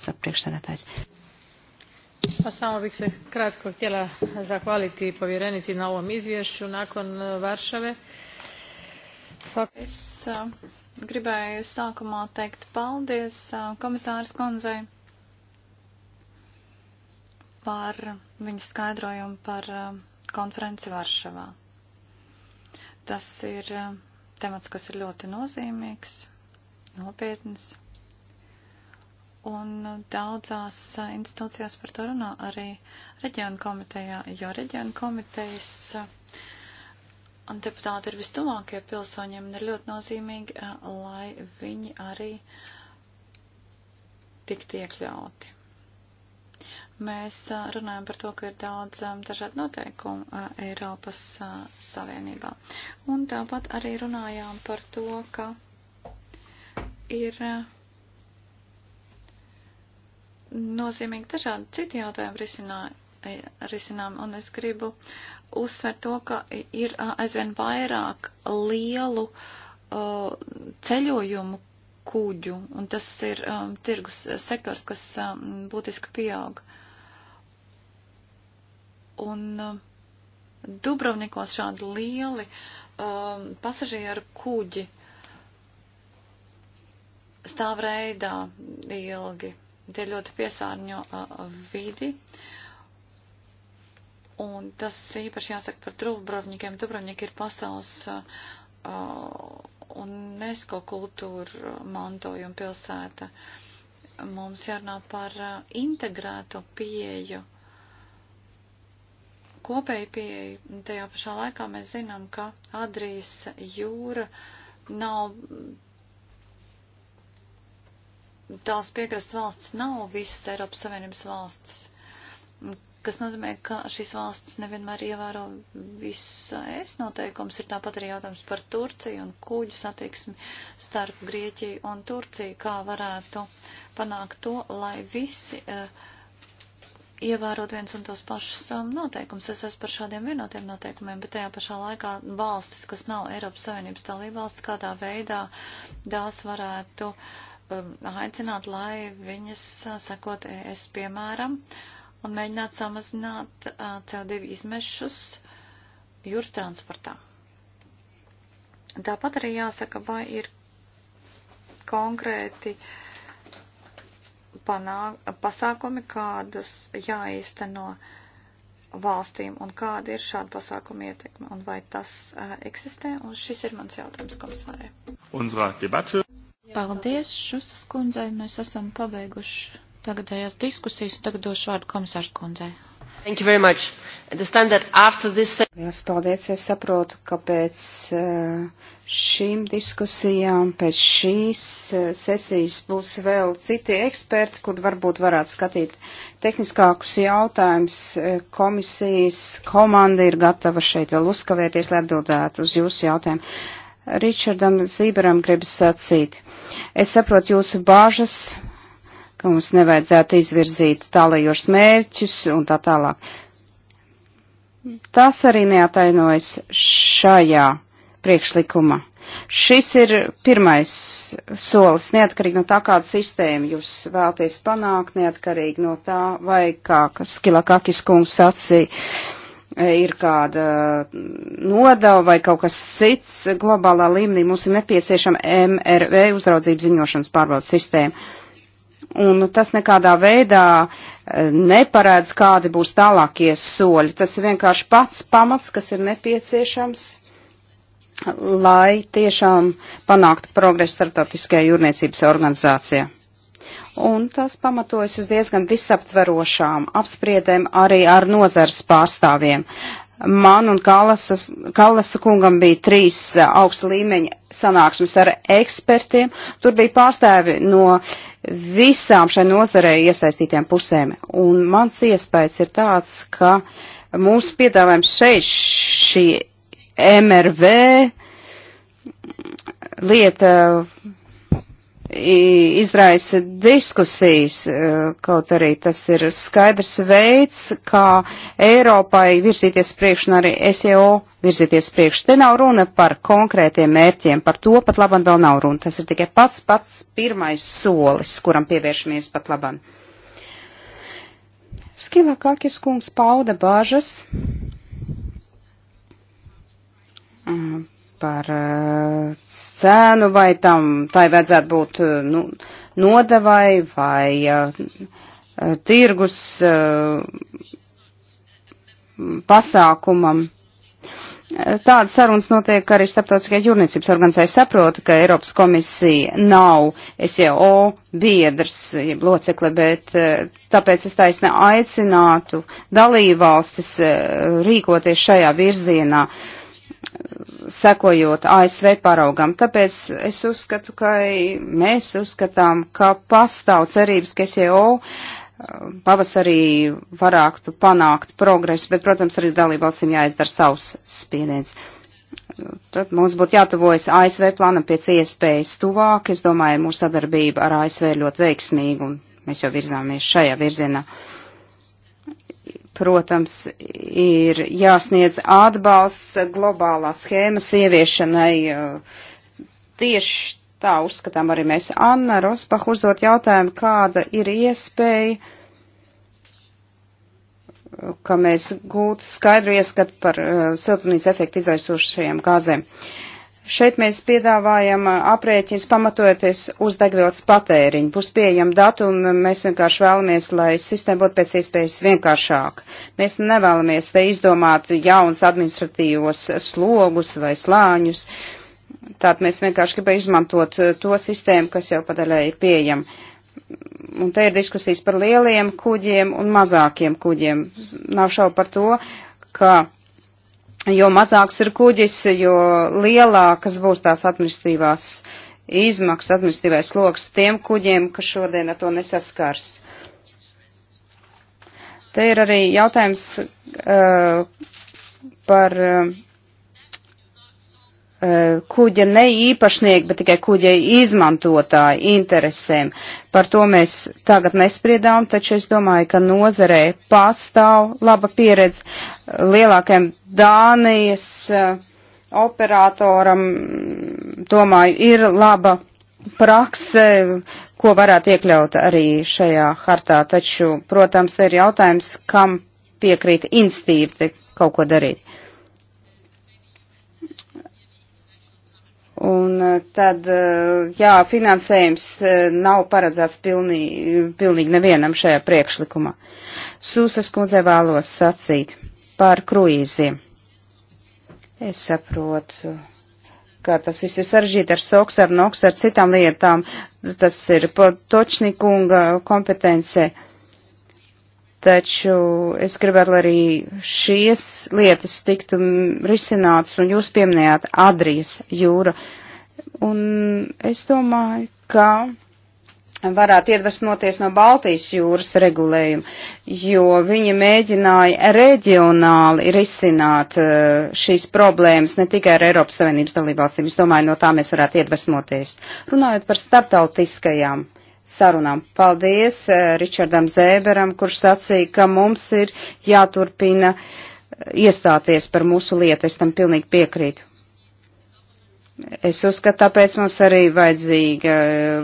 Sapriekšsēdētājs. Pa samo bih se kratko htjela zahvaliti povjerenici na ovom izvješću nakon Varšave. Es gribēju sākumā teikt paldies komisāras kundzei par viņa skaidrojumu par eh, konferenci Varšavā. Tas ir eh, temats, kas ir ļoti nozīmīgs, nopietns, un daudzās institūcijās par to runā arī reģionu komitejā, jo reģionu komitejas eh, un deputāti ir vistuvākie pilsoņiem un ir ļoti nozīmīgi, lai viņi arī tiktu iekļauti. Mēs runājam par to, ka ir daudz dažādu noteikumu Eiropas Savienībā. Un tāpat arī runājām par to, ka ir nozīmīgi dažādi citi jautājumi risinājumi risinām, un es gribu uzsvert to, ka ir aizvien vairāk lielu uh, ceļojumu kuģu, un tas ir um, tirgus sektors, kas um, būtiski pieauga. Uh, Un uh, Dubrovnikos šādi lieli um, pasažieru kuģi stāv reidā ilgi. Tie ļoti piesārņo uh, vidi. Un tas īpaši jāsaka par Dubrovnikiem. Dubrovniki ir pasaules uh, un uh, nesko kultūra mantojuma pilsēta. Mums jārunā par uh, integrēto pieju kopēju pieeju. Tajā pašā laikā mēs zinām, ka Adrijas jūra nav. Tās piekrastes valsts nav visas Eiropas Savienības valsts, kas nozīmē, ka šīs valsts nevienmēr ievēro visu es noteikums. Ir tāpat arī jautājums par Turciju un kuģu satiksmi starp Grieķiju un Turciju, kā varētu panākt to, lai visi uh, ievērot viens un tos pašus um, noteikumus. Es esmu par šādiem vienotiem noteikumiem, bet tajā pašā laikā valstis, kas nav Eiropas Savienības dalībvalsts, kādā veidā tās varētu um, aicināt, lai viņas uh, sakot ES piemēram un mēģināt samazināt uh, CO2 izmešus jūras transportā. Tāpat arī jāsaka, vai ir konkrēti uh, panāk, pasākumi, kādus jāīsteno valstīm un kāda ir šāda pasākuma ietekme un vai tas uh, eksistē. Un šis ir mans jautājums komisārai. Paldies, Šusas kundzei. Mēs esam pabeiguši tagadējās diskusijas un tagad došu vārdu komisārs kundzei. Thank you very much. Understand that after this... Lielas paldies, es saprotu, ka pēc eh, šīm diskusijām, pēc šīs eh, sesijas būs vēl citi eksperti, kur varbūt varētu skatīt tehniskākus jautājumus. Eh, komisijas komanda ir gatava šeit vēl uzkavēties, lai atbildētu uz jūsu jautājumu. Ričardam Zīberam gribas sacīt. Es saprotu jūsu bāžas, ka mums nevajadzētu izvirzīt tālajošs mērķus un tā tālāk. Tas arī neatainojas šajā priekšlikumā. Šis ir pirmais solis, neatkarīgi no tā, kādu sistēmu jūs vēlties panākt, neatkarīgi no tā, vai kā Skilakakis kungs sacīja, e, ir kāda nodava vai kaut kas cits globālā līmenī. Mums ir nepieciešama MRV uzraudzības ziņošanas pārbaudas sistēma un tas nekādā veidā e, neparēdz, kādi būs tālākie soļi. Tas ir vienkārši pats pamats, kas ir nepieciešams, lai tiešām panāktu progresu starptautiskajā jūrniecības organizācijā. Un tas pamatojas uz diezgan visaptverošām apspriedēm arī ar nozars pārstāvjiem. Man un Kalasas, Kalasa kungam bija trīs e, augsta līmeņa sanāksmes ar ekspertiem. Tur bija pārstāvi no uh, visām šai nozarei iesaistītiem pusēm. Un mans iespējas ir tāds, ka mūsu piedāvājums šeit šī MRV lieta uh, izraisa diskusijas, e, kaut arī tas ir skaidrs veids, kā Eiropai virzīties priekš un arī SEO virzīties priekš. Te nav runa par konkrētiem mērķiem, par to pat labam vēl nav runa. Tas ir tikai pats pats pirmais solis, kuram pievēršamies pat labam. Skilakakis kungs pauda bāžas par eh, cēnu, vai tam tai vajadzētu būt eh, nu, nodevai vai eh, tirgus pasākumam. Tādas sarunas notiek arī starptautiskajā jūrniecības organizācijā. Saprotu, ka Eiropas komisija nav SEO biedrs, jeb locekle, bet tāpēc es taisnē aicinātu dalībvalstis rīkoties šajā virzienā. Uh, sekojot ASV paraugam. Tāpēc es uzskatu, ka mēs uzskatām, ka pastāv cerības, ka SEO um, pavasarī varētu panākt progresu, bet, protams, arī dalībvalstīm jāizdara savs spiediens. Tad mums būtu jātuvojas ASV plānam pēc iespējas tuvāk. Es domāju, mūsu sadarbība ar ASV ir ļoti veiksmīga un mēs jau virzāmies šajā virzienā. Uh, protams, ir jāsniedz atbalsts globālā schēmas ieviešanai. Uh, tieši tā uzskatām arī mēs. Anna Rosbach uzdot jautājumu, kāda ir iespēja, ka mēs gūtu skaidru ieskatu par uh, siltumnīca efektu izraisošajiem gāzēm. Uh, Šeit mēs piedāvājam aprēķins pamatojoties uz degvielas patēriņu. Būs pieejama datu un mēs vienkārši vēlamies, lai sistēma būtu pēc iespējas vienkāršāka. Mēs nevēlamies te izdomāt jauns administratīvos slogus vai slāņus. Tātad mēs vienkārši gribam izmantot to sistēmu, kas jau padaļēji pieejama. Un te ir diskusijas par lieliem kuģiem un mazākiem kuģiem. Nav šau par to, ka jo mazāks ir kuģis, jo lielākas būs tās administrīvās izmaksas, administrīvais sloks tiem kuģiem, kas šodien ar to nesaskars. Te ir arī jautājums uh, par uh, Eh, kuģa ne īpašnieki, bet tikai kuģa izmantotāji interesēm. Par to mēs tagad nespriedām, taču es domāju, ka nozarē pastāv laba pieredze lielākajam Dānijas eh, operatoram, mm, domāju, ir laba prakse, ko varētu iekļaut arī šajā hartā, taču, protams, ir jautājums, kam piekrīt instīvi kaut ko darīt. Un eh, tad, eh, jā, finansējums eh, nav paredzēts pilnī, pilnīgi nevienam šajā priekšlikumā. Sūsas kundzei vēlos sacīt par kruīziem. Es saprotu, ka tas viss ir saržģīti ar soks, ar noks, ar citām lietām. Tas ir točnikunga kompetence. Uh, Taču es gribētu, lai arī šīs lietas tiktu risinātas, un jūs pieminējāt Adrijas jūra. Un es domāju, ka varētu iedvesmoties no Baltijas jūras regulējuma, jo viņi mēģināja reģionāli risināt uh, šīs problēmas ne tikai ar Eiropas Savienības dalībvalstīm. Es domāju, no tā mēs varētu iedvesmoties. Runājot par starptautiskajām sarunām. Paldies eh, Ričardam Zēberam, kurš sacīja, ka mums ir jāturpina eh, iestāties par mūsu lietu. Es tam pilnīgi piekrītu. Es uzskatu, tāpēc mums arī vajadzīga,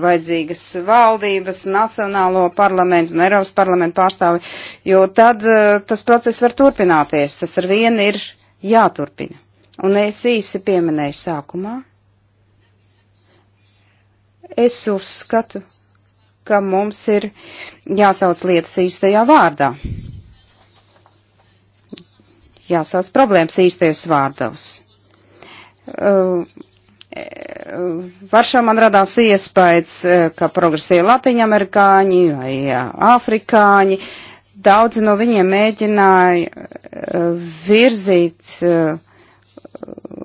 vajadzīgas valdības, nacionālo parlamentu un Eiropas parlamentu pārstāvi, jo tad eh, tas process var turpināties. Tas ar vienu ir jāturpina. Un es īsi pieminēju sākumā. Es uzskatu, ka mums ir jāsauc lietas īstajā vārdā. Jāsauc problēmas īstajos vārdos. Uh, Varšā man radās iespējas, uh, ka progresīvi latiņamerikāņi vai uh, afrikāņi, daudzi no viņiem mēģināja uh, virzīt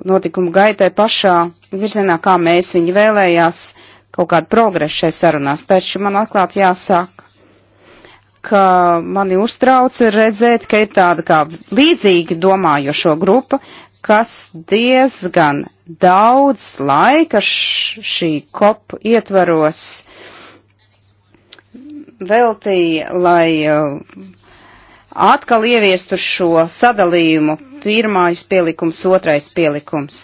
notikumu gaitai pašā virzienā, kā mēs viņi vēlējās kaut kādu progresu šai sarunās, taču man atklāti jāsaka, ka mani uztrauc redzēt, ka ir tāda kā līdzīgi domājošo grupa, kas diezgan daudz laika šī kop ietvaros veltīja, lai uh, atkal ieviestu šo sadalījumu pirmais pielikums, otrais pielikums.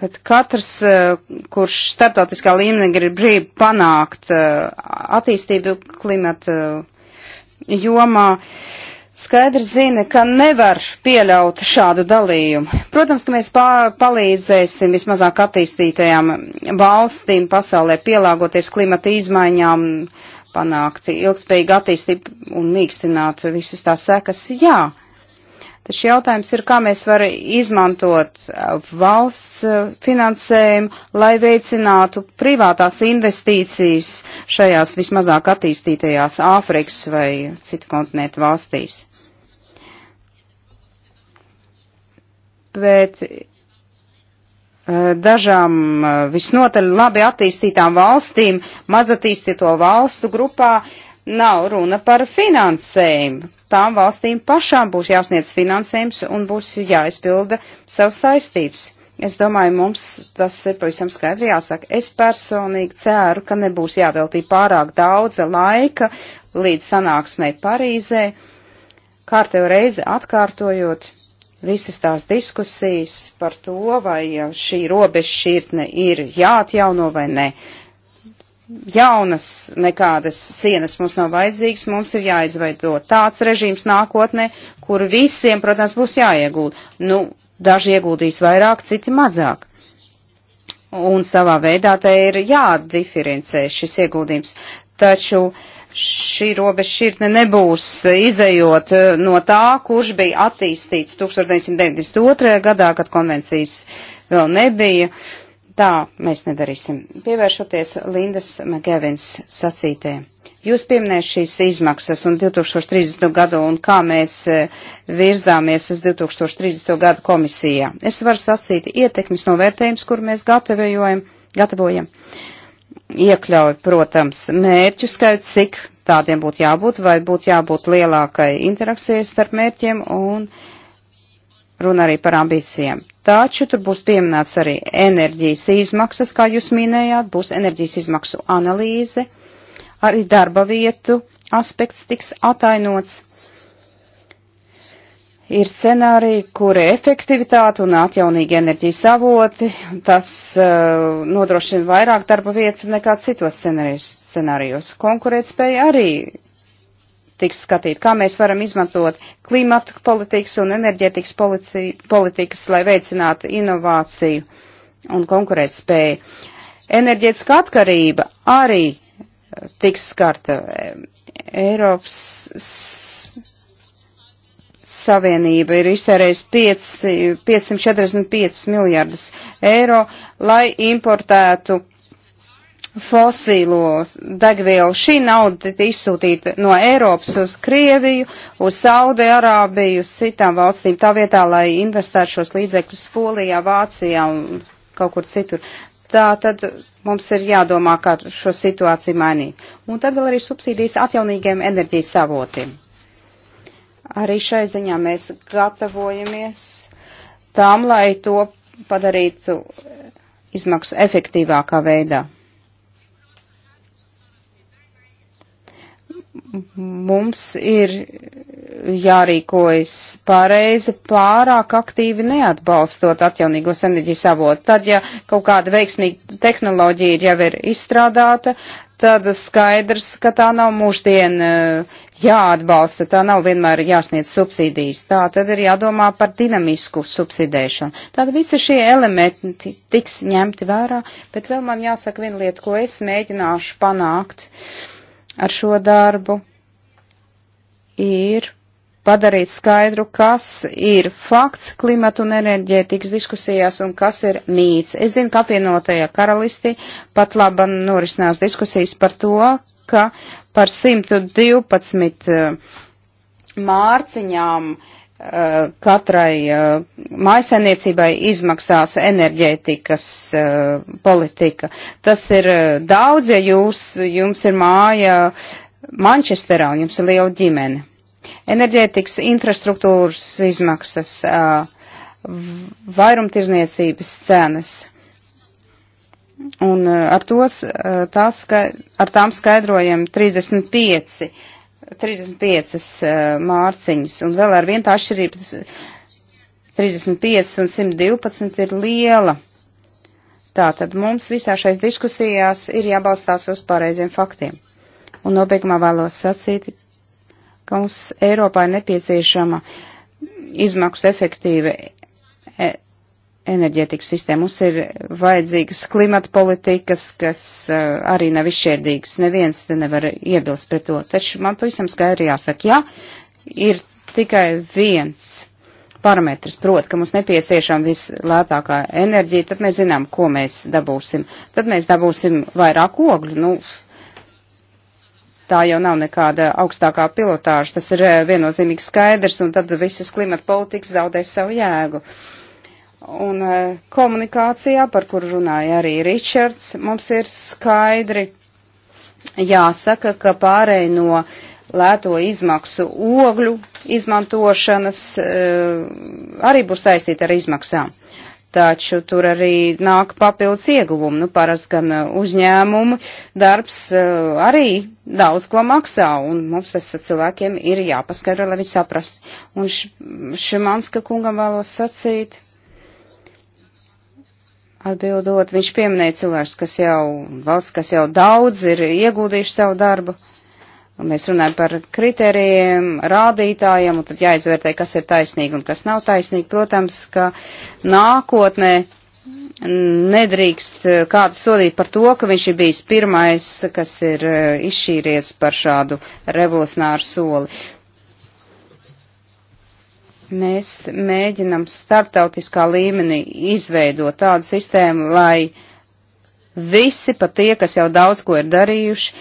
Kad katrs, eh, kurš starptautiskā līmenī grib brīvi panākt eh, attīstību klimata eh, jomā, skaidri zina, ka nevar pieļaut šādu dalījumu. Protams, ka mēs palīdzēsim vismazāk attīstītajām valstīm pasaulē pielāgoties klimata izmaiņām, panākt ilgspējīgu attīstību un mīkstināt visas tās sekas. Jā. Taču jautājums ir, kā mēs varam izmantot uh, valsts uh, finansējumu, lai veicinātu privātās investīcijas šajās vismazāk attīstītajās Āfrikas vai citu kontinentu valstīs. Bet uh, dažām visnotaļ labi attīstītām valstīm, mazatīstīto valstu grupā, uh, nav runa par finansējumu. Tām valstīm pašām būs jāsniedz finansējums un būs jāizpilda savas saistības. Es domāju, mums tas ir pavisam skaidri jāsaka. Es personīgi ceru, ka nebūs jāveltī pārāk daudz laika līdz sanāksmei Parīzē, kārtējo reizi atkārtojot visas tās diskusijas par to, vai šī robeža šķirtne ir jāatjauno vai nē. Ne jaunas nekādas sienas mums nav vajadzīgas, mums ir jāizveido tāds režīms nākotnē, kur visiem, protams, būs jāiegūd. Nu, daži ieguldīs vairāk, citi mazāk. Un savā veidā te ir jādiferencē šis ieguldījums. Taču šī robeža šķirtne nebūs izējot eh, no tā, kurš bija attīstīts 1992. gadā, kad konvencijas vēl nebija. Uh, Tā mēs nedarīsim. Pievēršoties Lindas Megevins sacītē. Jūs pieminējat šīs izmaksas un 2030. gadu un kā mēs e, virzāmies uz 2030. gadu komisijā. Es varu sacīt ietekmes novērtējums, kur mēs gatavojam, gatavojam. Iekļauj, protams, mērķu skaits, cik tādiem būtu jābūt, vai būtu jābūt lielākai interakcijai starp mērķiem un uh, Runa arī par ambīcijiem. Taču tur būs pieminēts arī enerģijas izmaksas, kā jūs minējāt, būs enerģijas izmaksu analīze, arī darba vietu aspekts tiks atainots. Ir scenāriji, kuri efektivitāte un atjaunīgi enerģijas avoti, tas uh, nodrošina vairāk darba vietu nekā citos scenārijos. Konkurētspēja arī tiks skatīt, kā mēs varam izmantot klimata politikas un enerģētikas politikas, lai veicinātu inovāciju un konkurētspēju. Enerģētiska atkarība arī tiks skarta Eiropas Savienība ir iztērējusi 5, 545 miljardus eiro, lai importētu fosīlo degvielu. Šī nauda tika izsūtīta no Eiropas uz Krieviju, uz Saudi Arābiju, uz citām valstīm, tā vietā, lai investētu šos līdzekļus Polijā, Vācijā un kaut kur citur. Tā tad mums ir jādomā, kā šo situāciju mainīt. Un tad vēl arī subsīdijas atjaunīgiem enerģijas avotiem. Arī šai ziņā mēs gatavojamies tām, lai to padarītu izmaksu efektīvākā veidā. mums ir jārīkojas pareizi, pārāk aktīvi neatbalstot atjaunīgos enerģijas avotu. Tad, ja kaut kāda veiksmīga tehnoloģija jau ir izstrādāta, tad skaidrs, ka tā nav mūždien eh, jāatbalsta, tā nav vienmēr jāsniedz subsīdijas. Tā tad ir jādomā par dinamisku subsidēšanu. Tad visi šie elementi tiks ņemti vērā, bet vēl man jāsaka viena lieta, ko es mēģināšu panākt. Uh, ar šo darbu ir padarīt skaidru, kas ir fakts klimatu un enerģētikas diskusijās un kas ir mīts. Es zinu, ka apvienotajā karalisti pat laba norisinās diskusijas par to, ka par 112 eh, mārciņām uh, Eh, katrai eh, maisainiecībai izmaksās enerģētikas eh, politika. Tas ir daudz, ja jūs, jums ir māja Manchesterā un jums ir liela ģimene. Enerģētikas infrastruktūras izmaksas, vairumtirzniecības cenas. Un ar, tos, tās, ar tām skaidrojam 35 35 eh, mārciņas, un vēl ar vien tā atšķirība 35 un 112 ir liela. Tātad mums visā šais diskusijās ir jābalstās uz pareiziem faktiem. Un nobeigumā vēlos sacīt, ka mums Eiropā ir nepieciešama izmaksu efektīva enerģētikas sistēmu. Mums ir vajadzīgas klimata politikas, kas uh, arī nav izšķērdīgas. Neviens te nevar iebilst pret to. Taču man pavisam skaidri jāsaka, jā, ir tikai viens parametrs, proti, ka mums nepieciešama vislētākā enerģija, tad mēs zinām, ko mēs dabūsim. Tad mēs dabūsim vairāk ogļu. Nu, tā jau nav nekāda augstākā pilotāža, tas ir eh, viennozīmīgi skaidrs, un tad visas klimata politikas zaudēs savu jēgu. Uh, Un e, komunikācijā, par kur runāja arī Ričards, mums ir skaidri jāsaka, ka pārēj no lēto izmaksu ogļu izmantošanas e, arī būs saistīta ar izmaksām. Taču tur arī nāk papildus ieguvumi. Nu, parasti gan e, uzņēmumu darbs arī daudz ko maksā, un mums tas cilvēkiem ir jāpaskaidro, lai viņi saprastu. Un Šimanska kungam vēlos sacīt Atbildot, viņš pieminēja cilvēkus, kas jau, valsts, kas jau daudz ir ieguldījuši savu darbu. Un mēs runājam par kritērijiem, rādītājiem, un tad jāizvērtē, kas ir taisnīgi un kas nav taisnīgi. Protams, ka nākotnē nedrīkst kādu sodīt par to, ka viņš ir bijis pirmais, kas ir eh, izšķīries par šādu revolucionāru soli. Mēs mēģinam starptautiskā līmenī izveidot tādu sistēmu, lai visi pat tie, kas jau daudz ko ir darījuši,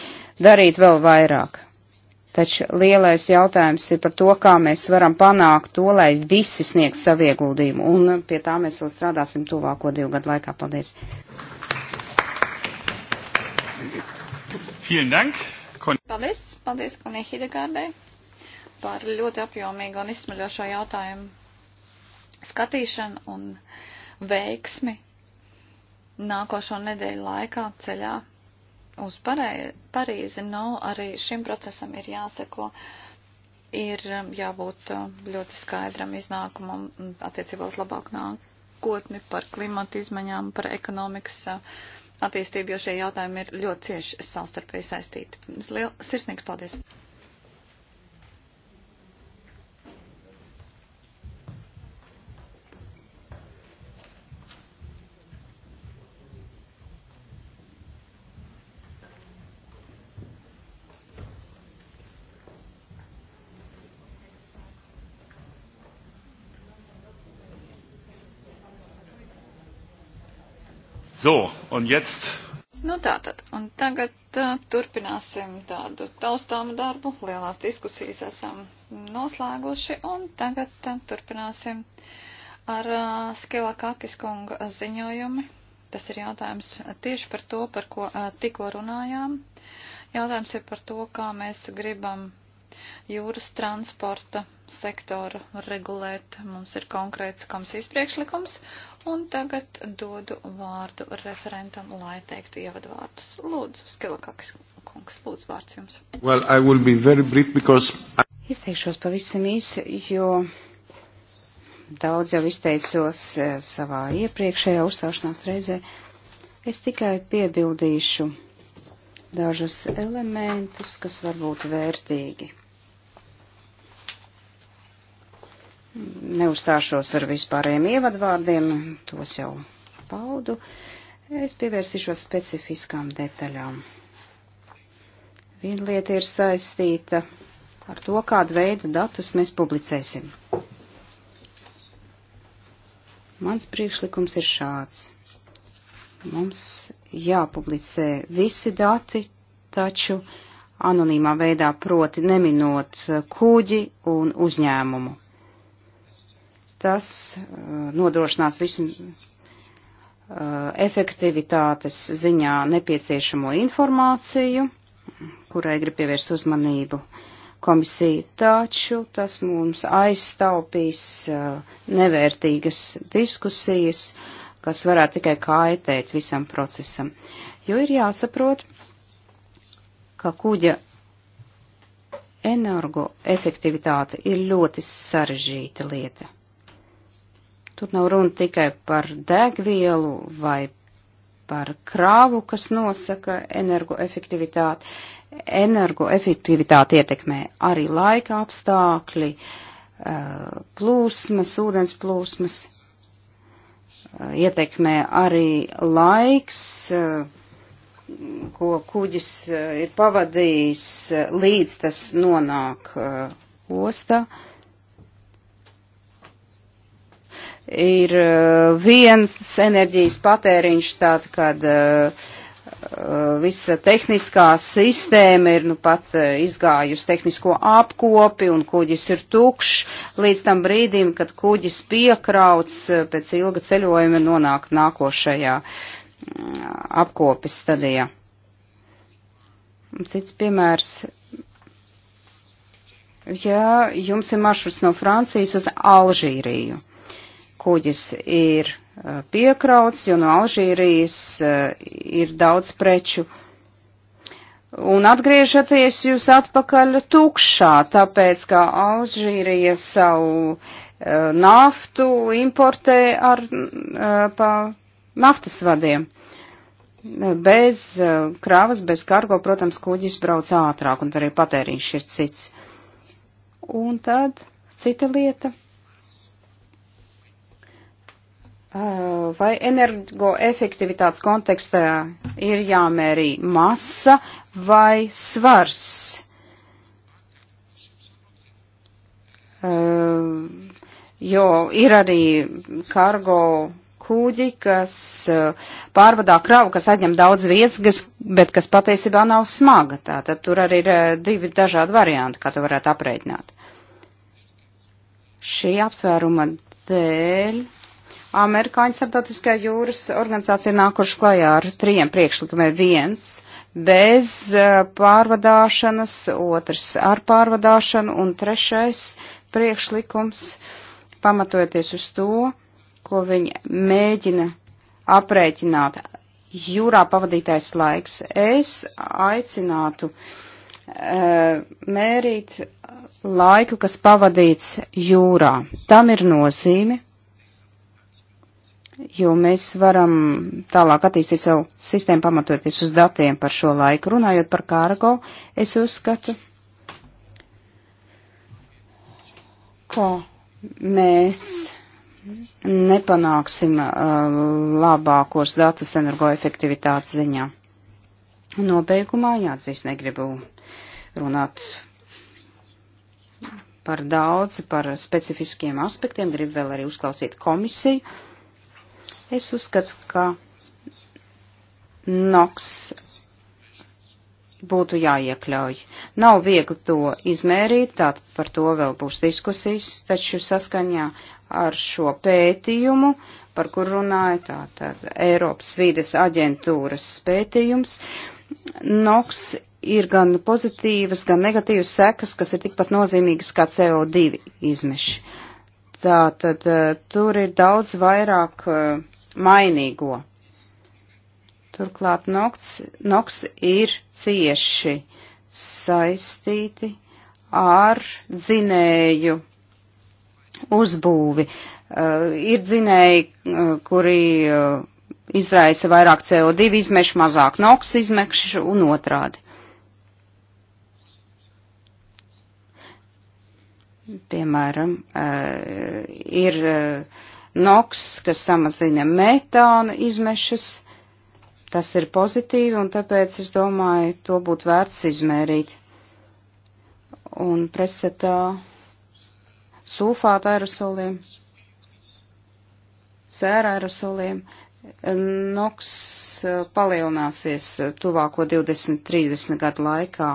darītu vēl vairāk. Taču lielais jautājums ir par to, kā mēs varam panākt to, lai visi sniegs savu ieguldījumu, un pie tā mēs vēl strādāsim tuvāko divu gadu laikā. Paldies! Paldies, paldies Konē Hidekārdai par ļoti apjomīgu un izsmaļošo jautājumu skatīšanu un veiksmi nākošo nedēļu laikā ceļā uz Parīzi. Nu, arī šim procesam ir jāseko, ir um, jābūt um, ļoti skaidram iznākumam mm, attiecībā uz labāku nākotni par klimatu izmaiņām, par ekonomikas uh, attīstību, jo šie jautājumi ir ļoti cieši savstarpēji saistīti. Liel, sirsnīgs paldies! So, un jetzt. Nu tātad, un tagad uh, turpināsim tādu taustāmu darbu. Lielās diskusijas esam noslēguši, un tagad uh, turpināsim ar uh, Skila Kakis kunga ziņojumi. Tas ir jautājums tieši par to, par ko uh, tikko runājām. Jautājums ir par to, kā mēs gribam jūras transporta sektoru regulēt. Mums ir konkrēts komisijas priekšlikums, un tagad dodu vārdu referentam, lai teiktu ievadvārdus. Lūdzu, Skilakakis kungs, lūdzu vārds jums. Well, I will be very brief because... I... Izteikšos pavisam īsi, jo daudz jau izteicos eh, savā iepriekšējā uzstāšanās reizē. Es tikai piebildīšu dažus elementus, kas var būt vērtīgi Neuzstāšos ar vispārējiem ievadvārdiem, tos jau paudu. Es pievērsīšos specifiskām detaļām. Viena lieta ir saistīta ar to, kādu veidu datus mēs publicēsim. Mans priekšlikums ir šāds. Mums jāpublicē visi dati, taču anonīmā veidā proti neminot kuģi un uzņēmumu. Tas eh, nodrošinās visu eh, efektivitātes ziņā nepieciešamo informāciju, kurai grib pievērst uzmanību komisija, taču tas mums aiztaupīs eh, nevērtīgas diskusijas, kas varētu tikai kaitēt visam procesam. Jo ir jāsaprot, ka kuģa energoefektivitāte ir ļoti sarežģīta lieta. Tur nav runa tikai par degvielu vai par krāvu, kas nosaka energoefektivitāti. Energoefektivitāti ietekmē arī laika apstākļi, eh, plūsmas, ūdens plūsmas, eh, ietekmē arī laiks, eh, ko kuģis ir pavadījis, līdz tas nonāk ostā. Uh, ir uh, viens enerģijas patēriņš, tātad, kad uh, uh, visa tehniskā sistēma ir nu pat izgājusi tehnisko apkopi un kuģis ir tukšs, līdz tam brīdim, kad kuģis piekrauts pēc ilga ceļojuma nonāk nākošajā mm, apkopes stadijā. Cits piemērs. Ja jums ir maršruts no Francijas uz Alžīriju, Kuģis ir piekrauts, jo no Alžīrijas ir daudz preču. Un atgriežaties jūs atpakaļ tukšā, tāpēc, ka Alžīrija savu naftu importē ar, pa naftas vadiem. Bez kravas, bez kargo, protams, kuģis brauc ātrāk, un arī patēriņš ir cits. Un tad cita lieta Eh, vai energoefektivitātes kontekstā ir jāmērī masa vai svars? Eh, jo ir arī kargo kuģi, kas eh, pārvadā kravu, kas aizņem daudz vietas, bet kas patiesībā nav smaga. Tātad tur arī ir divi dažādi varianti, kā to varētu apreikināt. Šī apsvēruma dēļ Amerikāņu starptautiskā jūras organizācija nākuši klajā ar trījiem priekšlikumiem. Viens bez e, pārvadāšanas, otrs ar pārvadāšanu un trešais priekšlikums pamatojoties uz to, ko viņi mēģina aprēķināt. Jūrā pavadītais laiks. Es aicinātu uh, mērīt laiku, kas pavadīts jūrā. Tam ir nozīme, jo mēs varam tālāk attīstīt savu sistēmu pamatoties uz datiem par šo laiku. Runājot par kārgo, es uzskatu, ka mēs nepanāksim uh, labākos datus energoefektivitātes ziņā. Nobeigumā jāatzīst, negribu runāt par daudz, par specifiskiem aspektiem, gribu vēl arī uzklausīt komisiju. Uh, Es uzskatu, ka NOX būtu jāiekļauj. Nav viegli to izmērīt, tātad par to vēl būs diskusijas, taču saskaņā ar šo pētījumu, par kur runāja tātad Eiropas vīdes aģentūras pētījums, NOX ir gan pozitīvas, gan negatīvas sekas, kas ir tikpat nozīmīgas kā CO2 izmeši. Tātad eh, tur ir daudz vairāk uh, mainīgo. Turklāt Noks, Noks ir cieši saistīti ar dzinēju uzbūvi. Uh, ir dzinēji, uh, kuri uh, izraisa vairāk CO2 izmešu, mazāk NOX izmešu un otrādi. Piemēram, uh, ir uh, NOX, kas samazina metāna izmešas. Tas ir pozitīvi, un tāpēc es domāju, to būtu vērts izmērīt. Un presetā sulfāta aerosoliem, sēra aerosoliem, NOX eh, palielināsies tuvāko 20-30 gadu laikā.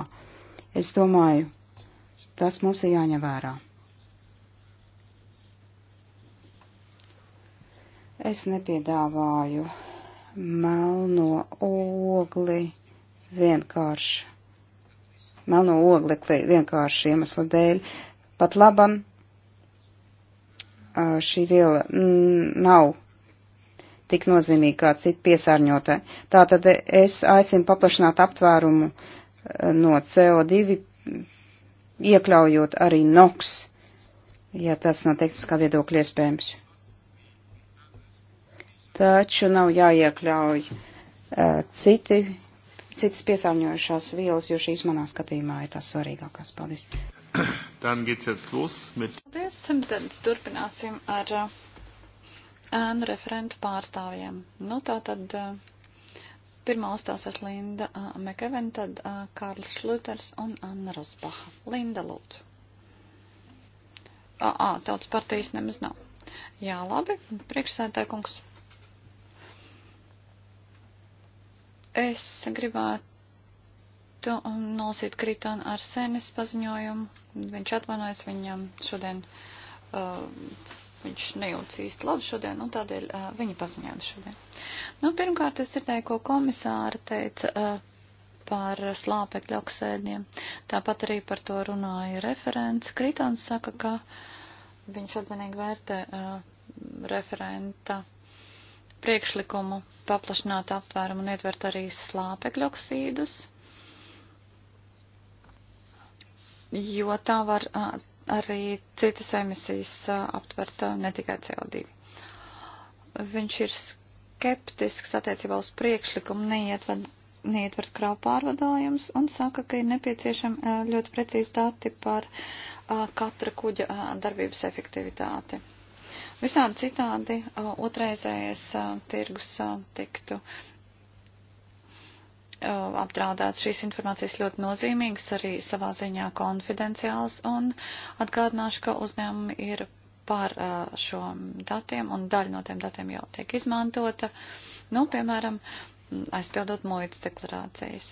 Es domāju, tas mums ir jāņem vērā. Es nepiedāvāju melno ogli vienkārši. Melno oglekli vienkārši iemesla dēļ. Pat labam šī viela mm, nav tik nozīmīga kā cita piesārņotāja. Tātad es aicinu paplašināt aptvērumu no CO2, iekļaujot arī NOX, ja tas no tehniskā viedokļa iespējams taču nav jāiekļauj eh, citi, citas piesārņojušās vielas, jo šīs manā skatījumā ir tās svarīgākās. Paldies! Dann geht's jetzt los mit. Paldies, tad turpināsim ar eh, ēnu referentu pārstāvjiem. Nu, tā tad eh, pirmā uzstāsies Linda Mekeven, tad Kārlis Šluters un Anna Rosbaha. Linda, lūdzu. Ā, tautas partijas nemaz nav. Jā, labi, priekšsētāj kungs. Es gribētu nolasīt Kritona Arsenis paziņojumu. Viņš atvainojas viņam šodien. Uh, viņš nejūtas īsti labi šodien, un tādēļ uh, viņa paziņojums šodien. Nu, pirmkārt, es dzirdēju, ko komisāra teica uh, par slāpekļu oksēdiem. Tāpat arī par to runāja referents. Kritons saka, ka viņš atzinīgi vērtē uh, referenta priekšlikumu paplašināt aptvērumu un ietvert arī slāpekļu oksīdus, jo tā var arī citas emisijas aptvert, ne tikai CO2. Viņš ir skeptisks attiecībā uz priekšlikumu neietver, neietver kravu pārvadājums un saka, ka ir nepieciešami ļoti precīzi dati par katra kuģa darbības efektivitāti. Visādi citādi otrreizējais tirgus tiktu apdraudēts. Šīs informācijas ļoti nozīmīgas, arī savā ziņā konfidenciāls, un atgādināšu, ka uzņēmumi ir par šo datiem, un daļa no tiem datiem jau tiek izmantota, nu, piemēram, aizpildot muitas deklarācijas.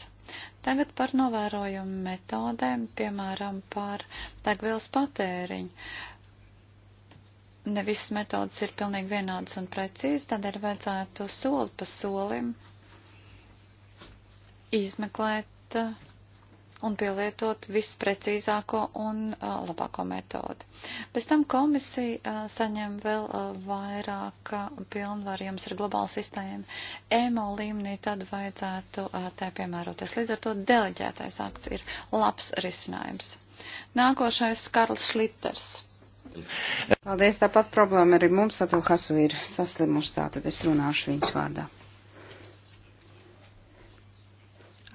Tagad par novērojumu metodēm, piemēram, par degvielas patēriņu ne visas metodas ir pilnīgi vienādas un precīzas, tādēļ vajadzētu soli pa solim izmeklēt uh, un pielietot visprecīzāko un uh, labāko metodi. Pēc tam komisija uh, saņem vēl uh, vairāk uh, pilnvaru, jums ir globāla sistēma. EMO līmenī tad vajadzētu uh, tā piemēroties. Līdz ar to deleģētais akts ir labs risinājums. Nākošais Karls Šliters Paldies, tāpat problēma arī mums, Satu Hasu ir saslimusi, tātad es runāšu viņas vārdā.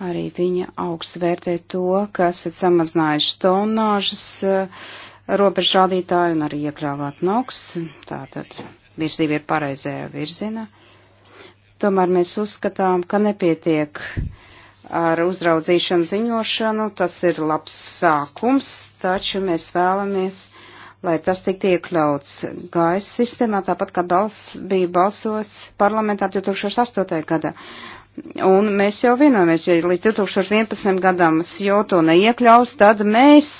Arī viņa augsts vērtē to, ka esat samazinājuši tonāžas eh, robežrādītāju un arī iekļāvāt noks, tātad virzība ir pareizajā virzienā. Tomēr mēs uzskatām, ka nepietiek ar uzraudzīšanu ziņošanu, tas ir labs sākums, taču mēs vēlamies lai tas tiktu iekļauts gājas sistēmā, tāpat kā bals, bija balsots parlamentā 2008. gadā. Un mēs jau vienojamies, ja līdz 2011. gadam Sjoto neiekļaus, tad mēs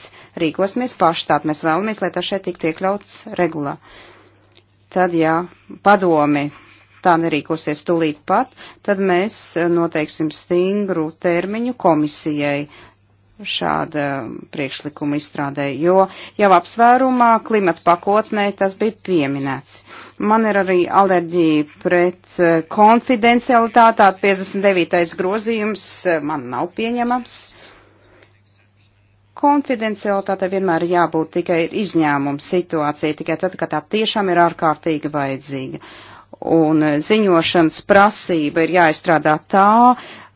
rīkosimies paši tātad. Mēs vēlamies, lai tas šeit tiktu iekļauts regulā. Tad, jā, padomi tā nerīkosies tūlīt pat, tad mēs noteiksim stingru termiņu komisijai šāda priekšlikuma izstrādē, jo jau apsvērumā klimata pakotnē tas bija pieminēts. Man ir arī alerģija pret eh, konfidencialitātā, 59. grozījums eh, man nav pieņemams. Konfidencialitāte vienmēr jābūt tikai izņēmuma situācija, tikai tad, kad tā tiešām ir ārkārtīgi vajadzīga. Un eh, ziņošanas prasība ir jāizstrādā tā,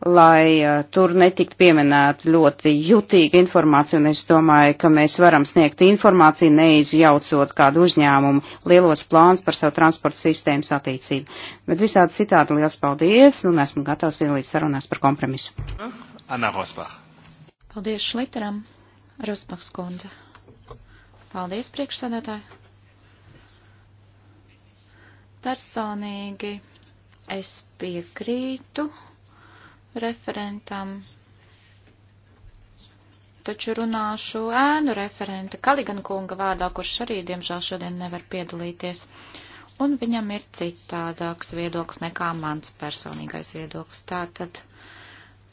lai eh, tur netikt pieminēta ļoti jutīga informācija, un es domāju, ka mēs varam sniegt informāciju, neizjaucot kādu uzņēmumu lielos plāns par savu transporta sistēmas attīcību. Bet visādi citādi liels paldies, un esmu gatavs piedalīties sarunās par kompromisu. Anna Rosbach. Paldies Šliteram. Rosbachs kundze. Paldies, priekšsēdētāji. Personīgi es piekrītu referentam, taču runāšu ēnu referenta Kaligan kunga vārdā, kurš arī, diemžēl, šodien nevar piedalīties. Un viņam ir citādāks viedoklis nekā mans personīgais viedoklis. Tātad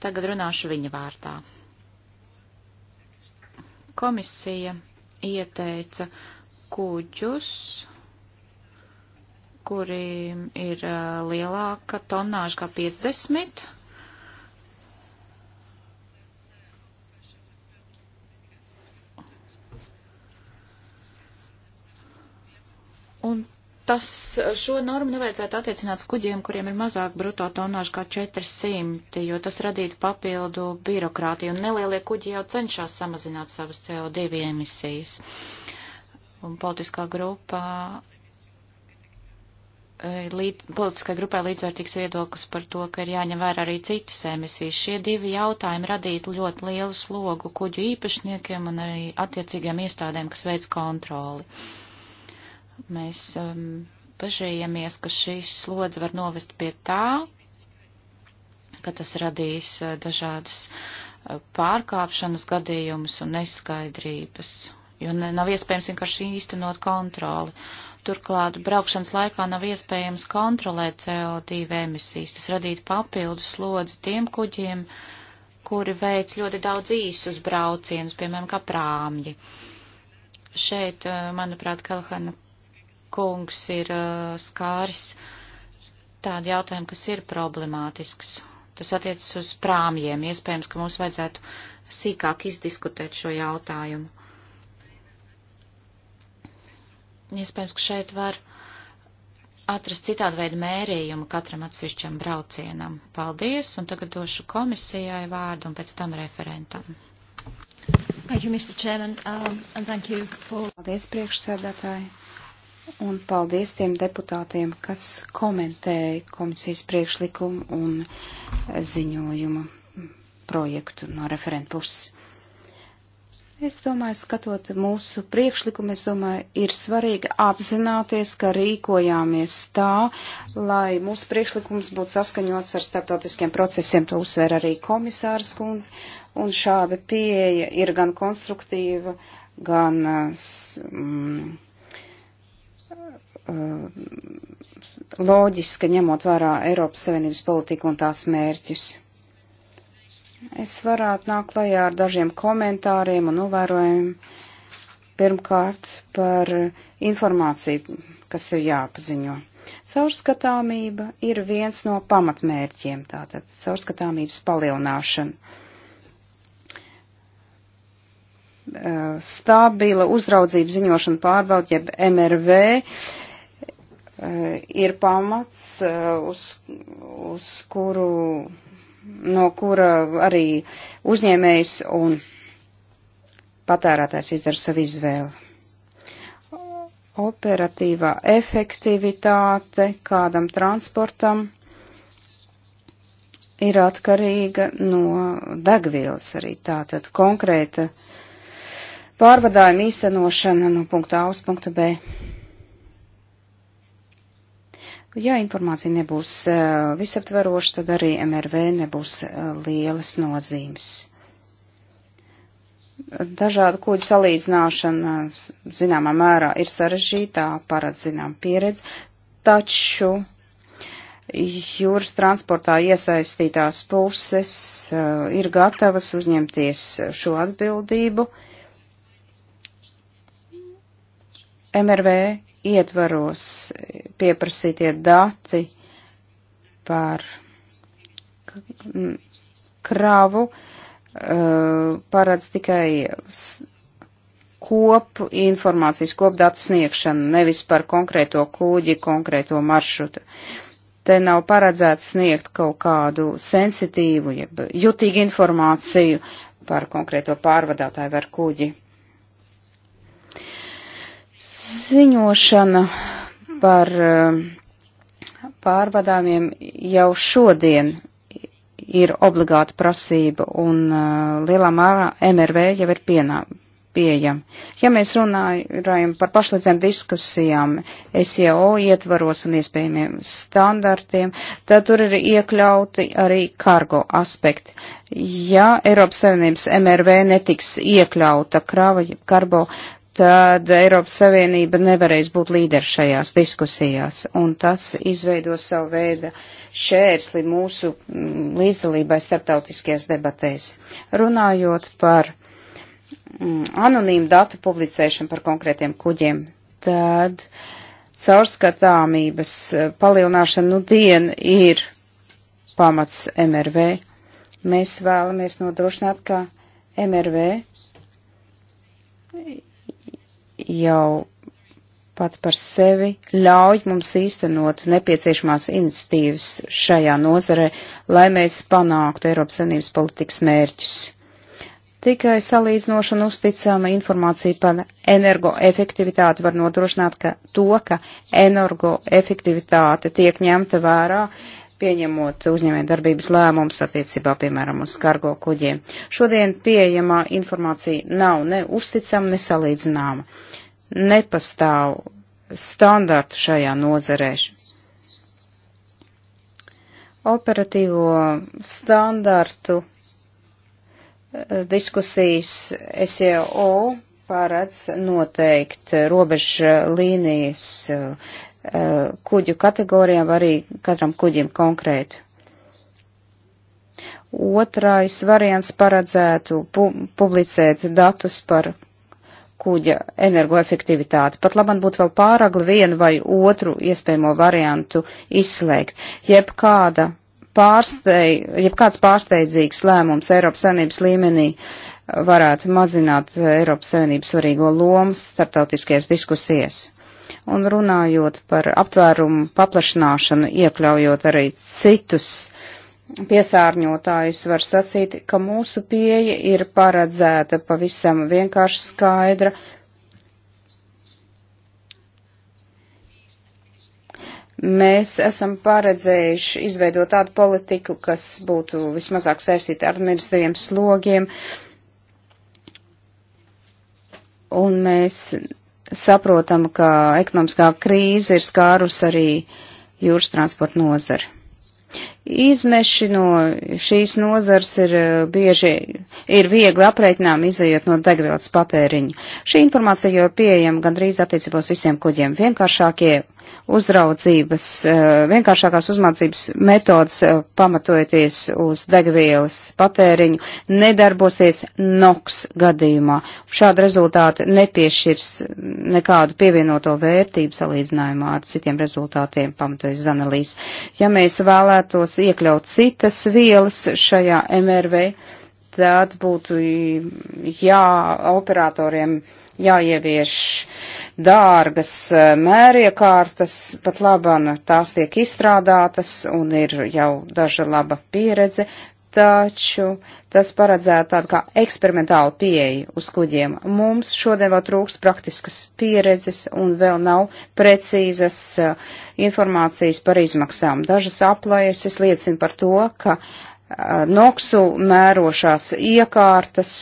tagad runāšu viņa vārdā. Komisija ieteica kuģus, kuriem ir lielāka tonāža kā 50. Un tas šo normu nevajadzētu attiecināt skuģiem, kuriem ir mazāk bruto tonāžu kā 400, jo tas radītu papildu birokrātiju, un nelielie kuģi jau cenšas samazināt savas CO2 emisijas. Un politiskā e, grupā, līd, politiskai grupai līdzvērtīgs viedoklis par to, ka ir jāņem vērā arī citas emisijas. Šie divi jautājumi radītu ļoti lielu slogu kuģu īpašniekiem un arī attiecīgiem iestādēm, kas veids kontroli. Uh, Mēs um, bažējamies, ka šīs slodze var novest pie tā, ka tas radīs uh, dažādas uh, pārkāpšanas gadījumus un neskaidrības, jo ne, nav iespējams vienkārši īstenot kontroli. Turklāt braukšanas laikā nav iespējams kontrolēt CO2 emisijas, tas radītu papildus slodzi tiem kuģiem, kuri veic ļoti daudz īsus braucienus, piemēram, kā prāmji. Šeit, uh, manuprāt, Kalhana kungs ir uh, skāris tādu jautājumu, kas ir problemātisks. Tas attiecas uz prāmjiem. Iespējams, ka mums vajadzētu sīkāk izdiskutēt šo jautājumu. Iespējams, ka šeit var atrast citādu veidu mērījumu katram atsevišķam braucienam. Paldies, un tagad došu komisijai vārdu un pēc tam referentam. Thank you, Mr. Chairman, um, and thank you for... Paldies, priekšsēdētāji un paldies tiem deputātiem, kas komentēja komisijas priekšlikumu un ziņojumu projektu no referenta puses. Es domāju, skatot mūsu priekšlikumu, es domāju, ir svarīgi apzināties, ka rīkojāmies tā, lai mūsu priekšlikums būtu saskaņots ar starptautiskiem procesiem, to uzsver arī komisārs kundze, un šāda pieeja ir gan konstruktīva, gan. Mm, Uh, loģiska, ņemot vērā Eiropas Savienības politiku un tās mērķus. Es varētu nākt klajā ar dažiem komentāriem un novērojumiem. Pirmkārt, par informāciju, kas ir jāpaziņo. Saurskatāmība ir viens no pamatmērķiem, tātad saurskatāmības palielināšana. Uh, stabila uzraudzība ziņošana pārbaud, jeb MRV, uh, ir pamats, uh, uz, uz kuru, no kura arī uzņēmējs un patērētājs izdara savu izvēli operatīvā efektivitāte kādam transportam ir atkarīga no degvielas arī. Tātad konkrēta pārvadājuma īstenošana no punkta A uz punktu B. Ja informācija nebūs eh, visaptveroša, tad arī MRV nebūs eh, lielas nozīmes. Dažādu kuģu salīdzināšana zināmā mērā ir sarežģītā, paredz zinām pieredzi, taču jūras transportā iesaistītās puses eh, ir gatavas uzņemties šo atbildību. Uh, MRV ietvaros pieprasītie dati par kravu eh, parāds tikai kopu informācijas, kopdatu sniegšanu, nevis par konkrēto kūģi, konkrēto maršrutu. Te nav paredzēts sniegt kaut kādu sensitīvu, jeb jutīgu informāciju par konkrēto pārvadātāju vai kuģi. Ziņošana par eh, pārvadājumiem jau šodien ir obligāta prasība un eh, lielā mērā MRV jau ir pienā, pieejama. Ja mēs runājam par pašlīdzēm diskusijām SEO ietvaros un iespējamiem standartiem, tad tur ir iekļauti arī kargo aspekti. Ja Eiropas Savienības MRV netiks iekļauta krava, karbo, tad Eiropas Savienība nevarēs būt līderi šajās diskusijās, un tas izveido savu veidu šērsli mūsu mm, līdzdalībai starptautiskajās debatēs. Runājot par mm, anonīmu datu publicēšanu par konkrētiem kuģiem, tad caurskatāmības eh, palielināšana nu dien ir pamats MRV. Mēs vēlamies nodrošināt, ka MRV jau pats par sevi ļauj mums īstenot nepieciešamās iniciatīvas šajā nozarē, lai mēs panāktu Eiropas Savienības politikas mērķus. Tikai salīdzinoša un uzticama informācija par energoefektivitāti var nodrošināt ka to, ka energoefektivitāte tiek ņemta vērā, pieņemot uzņēmē darbības lēmums attiecībā, piemēram, uz kargo kuģiem. Šodien pieejamā informācija nav ne uzticama, ne salīdzināma nepastāv standārtu šajā nozarē. Operatīvo standārtu eh, diskusijas SEO paredz noteikt robežu līnijas eh, kuģu kategorijām, arī katram kuģim konkrēti. Otrais variants paredzētu pu publicēt datus par kuģa energoefektivitāti. Pat labam būtu vēl pāragli vienu vai otru iespējamo variantu izslēgt. Jebkāda pārsteig, jebkāds pārsteidzīgs lēmums Eiropas Savienības līmenī varētu mazināt Eiropas Savienības svarīgo lomu starptautiskajās diskusijas. Un runājot par aptvērumu paplašināšanu, iekļaujot arī citus uh, piesārņotājus, var sacīt, ka mūsu pieeja ir paredzēta pavisam vienkārši skaidra. Mēs esam paredzējuši izveidot tādu politiku, kas būtu vismazāk saistīta ar administratīviem slogiem, un mēs saprotam, ka ekonomiskā krīze ir skārus arī jūras transporta nozari. Izmeši no šīs nozars ir eh, bieži, ir viegli aprēķinām izējot no degvielas patēriņa. Šī informācija jau ir pieejama gandrīz attiecībos visiem kuģiem. Vienkāršākie uzraudzības, eh, vienkāršākās uzmācības metodas, eh, pamatojoties uz degvielas patēriņu, nedarbosies NOX gadījumā. Šādi rezultāti nepiešķirs nekādu pievienoto vērtību salīdzinājumā ar citiem rezultātiem, pamatojoties analīzes. Ja mēs vēlētos iekļaut citas vielas šajā MRV, tad būtu jā, operatoriem jāievieš dārgas eh, mēriekārtas, pat labana tās tiek izstrādātas un ir jau daža laba pieredze, taču tas paredzētu tādu kā eksperimentālu pieeju uz kuģiem. Mums šodien vēl trūks praktiskas pieredzes un vēl nav precīzas eh, informācijas par izmaksām. Dažas aplēses liecina par to, ka eh, noksu mērošās iekārtas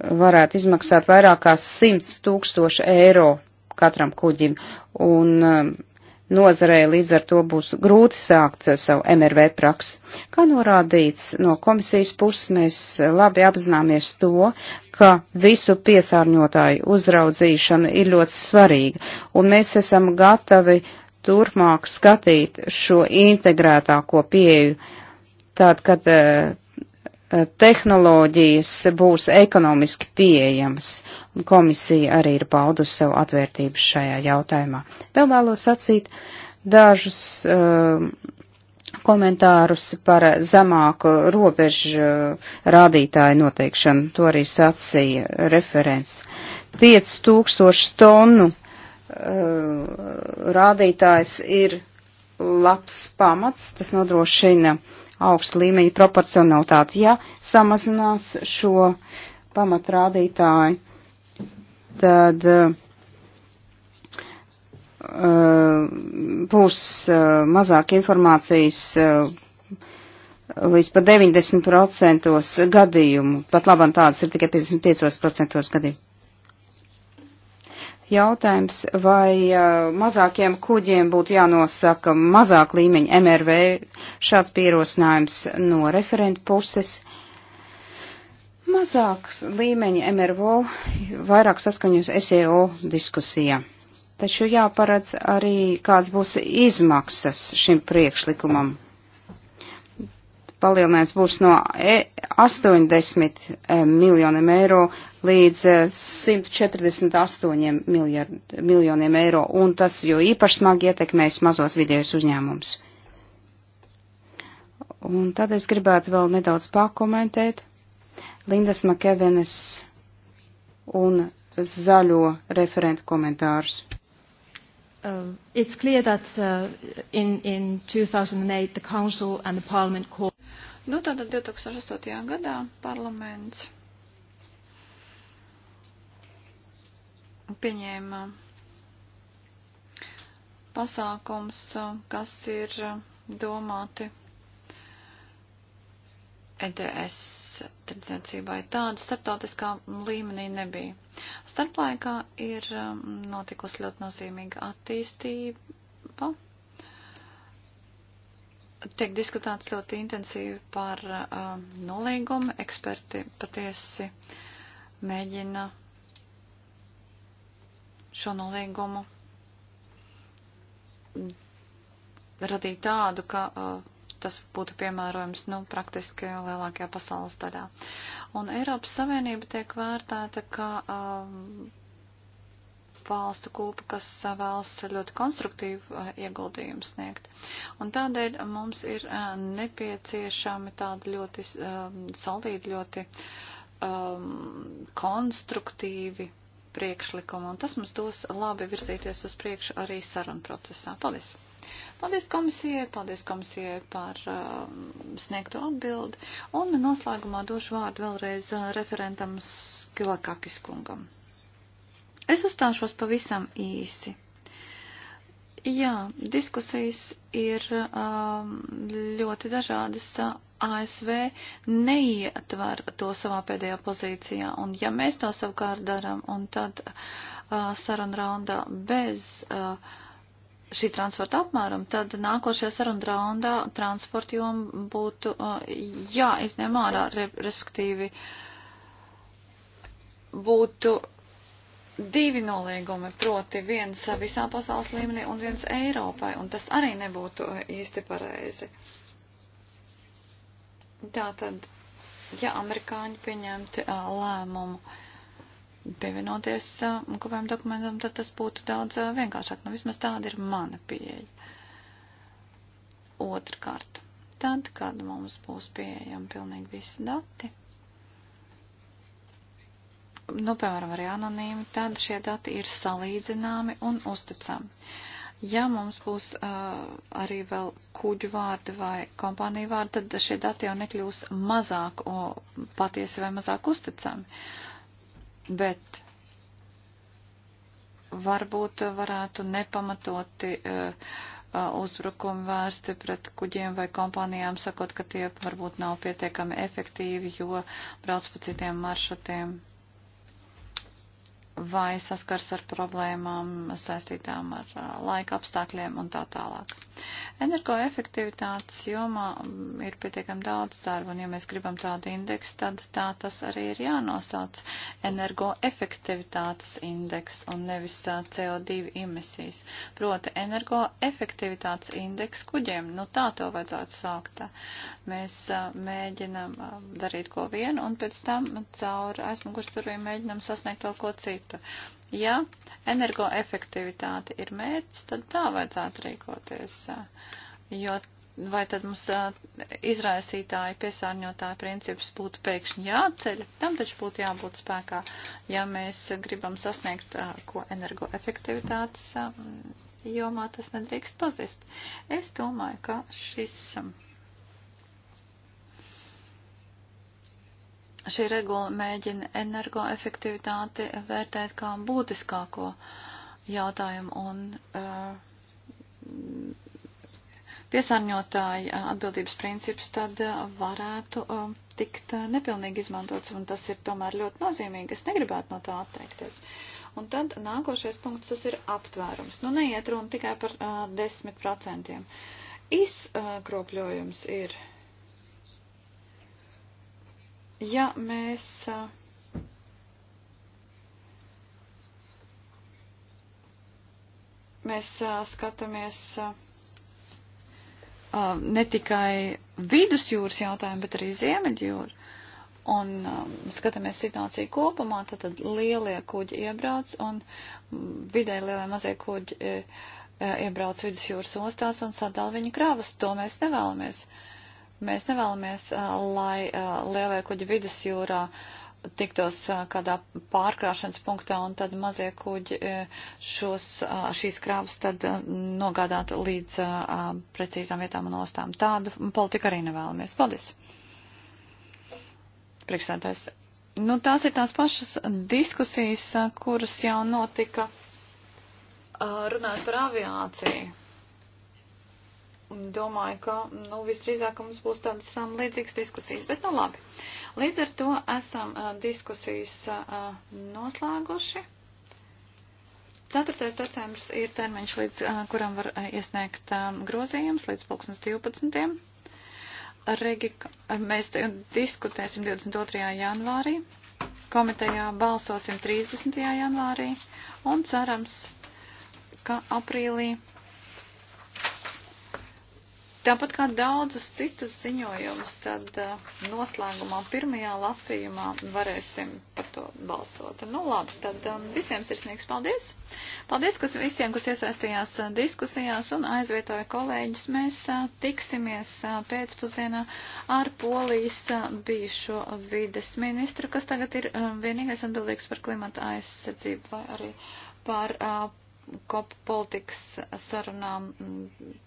varētu izmaksāt vairāk kā 100 tūkstoši eiro katram kuģim, un um, nozarei līdz ar to būs grūti sākt savu MRV praksi. Kā norādīts no komisijas puses, mēs labi apzināmies to, ka visu piesārņotāju uzraudzīšana ir ļoti svarīga, un mēs esam gatavi turpmāk skatīt šo integrētāko pieeju, tād, kad uh, Eh, tehnoloģijas būs ekonomiski pieejamas. Komisija arī ir paudusi savu atvērtību šajā jautājumā. Vēl vēlos sacīt dažus uh, komentārus par zemāku robežu eh, rādītāju noteikšanu. To arī sacīja referents. 5000 tonu uh, rādītājs ir labs pamats, tas nodrošina uh, augsta līmeņa proporcionalitāti. Ja samazinās šo pamatrādītāju, tad uh, uh būs uh, mazāk informācijas uh, līdz pat 90% gadījumu, pat labam tādas ir tikai 55% gadījumu jautājums, vai uh, mazākiem kuģiem būtu jānosaka mazāk līmeņa MRV. Šāds pierosinājums no referenta puses. Mazāks līmeņa MRV vairāk saskaņos SEO diskusijā. Taču jāparedz arī, kāds būs izmaksas šim priekšlikumam. Palielinājums būs no e 80 eh, miljoniem eiro līdz 148 eh, miljard, miljoniem eiro, un tas jo īpaši smagi ietekmēs mazos vidējos uzņēmums. Un tad es gribētu vēl nedaudz pakomentēt Lindas Makevenes un zaļo referentu komentārus. Uh, it's clear that uh, in, in 2008 the Council and the Parliament called Nu, tātad 2008. gadā parlaments pieņēma pasākums, kas ir domāti EDS tirdzniecībai. Tāda starptautiskā līmenī nebija. Starplaikā ir notikusi ļoti nozīmīga attīstība Tiek diskutēts ļoti intensīvi par uh, nolīgumu. Eksperti patiesi mēģina šo nolīgumu radīt tādu, ka uh, tas būtu piemērojams nu, praktiski lielākajā pasaules daļā. Un Eiropas Savienība tiek vērtēta kā um, valstu kulpu, kas vēlas ļoti konstruktīvu ieguldījumu sniegt. Un tādēļ mums ir nepieciešami tādi ļoti solīdi, ļoti um, konstruktīvi priekšlikumi, un tas mums dos labi virzīties uz priekšu arī sarunu procesā. Paldies! Paldies komisijai, paldies komisijai par uh, sniegto atbildi, un noslēgumā došu vārdu vēlreiz referentam Skilakakis kungam. Es uzstāšos pavisam īsi. Jā, diskusijas ir um, ļoti dažādas. ASV neietver to savā pēdējā pozīcijā, un ja mēs to savukārt daram, un tad uh, saruna raundā bez uh, šī transporta apmēram, tad nākošajā saruna raundā transporta joma būtu uh, jāizņem ārā, respektīvi būtu divi noliegumi, proti viens visā pasaules līmenī un viens Eiropai, un tas arī nebūtu eh, īsti pareizi. Tātad, ja amerikāņi pieņemti eh, lēmumu pievienoties eh, kopējam dokumentam, tad tas būtu daudz vienkāršāk. Nu, vismaz tāda ir mana pieeja. Otrkārt, tad, kad mums būs pieejami pilnīgi visi dati nu, piemēram, arī anonīmi, tad šie dati ir salīdzināmi un uzticami. Ja mums būs uh, arī vēl kuģu vārdi vai kompāniju vārdi, tad šie dati jau nekļūs mazāk o, patiesi vai mazāk uzticami. Bet varbūt varētu nepamatoti uh, uzbrukumi vērsti pret kuģiem vai kompānijām, sakot, ka tie varbūt nav pietiekami efektīvi, jo brauc pa citiem maršrutiem vai saskars ar problēmām saistītām ar laika apstākļiem un tā tālāk. Energoefektivitātes jomā mm, ir pietiekami daudz darba, un ja mēs gribam tādu indeksu, tad tā tas arī ir jānosauc energoefektivitātes indeks un nevis CO2 emisijas. Proti energoefektivitātes indeks kuģiem, nu tā to vajadzētu saukt. Mēs mēģinam darīt ko vienu, un pēc tam caur aizmugursturu mēģinam sasniegt vēl ko citu lieta. Ja energoefektivitāte ir mērķis, tad tā vajadzētu rīkoties, jo vai tad mums izraisītāji piesārņotāji princips būtu pēkšņi jāceļ, tam taču būtu jābūt spēkā, ja mēs gribam sasniegt ko energoefektivitātes jomā tas nedrīkst pazist. Es domāju, ka šis Šī regula mēģina energoefektivitāti vērtēt kā būtiskāko jautājumu un uh, piesārņotāji atbildības princips tad varētu uh, tikt nepilnīgi izmantots, un tas ir tomēr ļoti nozīmīgi. Es negribētu no tā atteikties. Un tad nākošais punkts, tas ir aptvērums. Nu, neiet runa tikai par uh, eh, 10%. Izkropļojums ir Ja mēs mēs skatāmies ne tikai vidusjūras jautājumu, bet arī ziemeļjūru. Un um, skatāmies situāciju kopumā, tad, tad lielie kuģi iebrauc un vidēji lielie mazie kuģi e, e, iebrauc vidusjūras ostās un sadal viņu kravas. To mēs nevēlamies. Uh, Mēs nevēlamies, lai lielie kuģi vidas jūrā tiktos kādā pārkrāšanas punktā un tad mazie kuģi šos, šīs krāvas tad nogādātu līdz precīzām vietām un ostām. Tādu politiku arī nevēlamies. Paldies! Priekšsēdājs. Nu, tās ir tās pašas diskusijas, kuras jau notika runājot par aviāciju domāju, ka nu, visdrīzāk mums būs tādas um, līdzīgas diskusijas, bet nu labi. Līdz ar to esam uh, diskusijas uh, noslēguši. 4. decembris ir termiņš, līdz uh, kuram var uh, iesniegt um, grozījums līdz 2012. Regi, mēs diskutēsim 22. janvārī, komitejā balsosim 30. janvārī un cerams, ka aprīlī Tāpat kā daudzus citus ziņojumus, tad eh, noslēgumā pirmajā lasījumā varēsim par to balsot. Nu labi, tad um, visiem sirsnīgs paldies. Paldies kas visiem, kas iesaistījās eh, diskusijās un aizvietoja kolēģus. Mēs eh, tiksimies pēcpusdienā ar Polijas bijušo vides ministru, kas tagad ir vienīgais atbildīgs par klimata aizsardzību vai arī par kop politikas sarunām mm,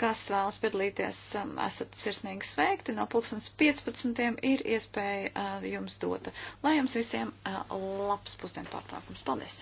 kas vēlas piedalīties, um, esat sirsnīgi sveikti. No 2015. ir iespēja uh, jums dota. Lai jums visiem uh, labs pusdienu pārtraukums. Paldies!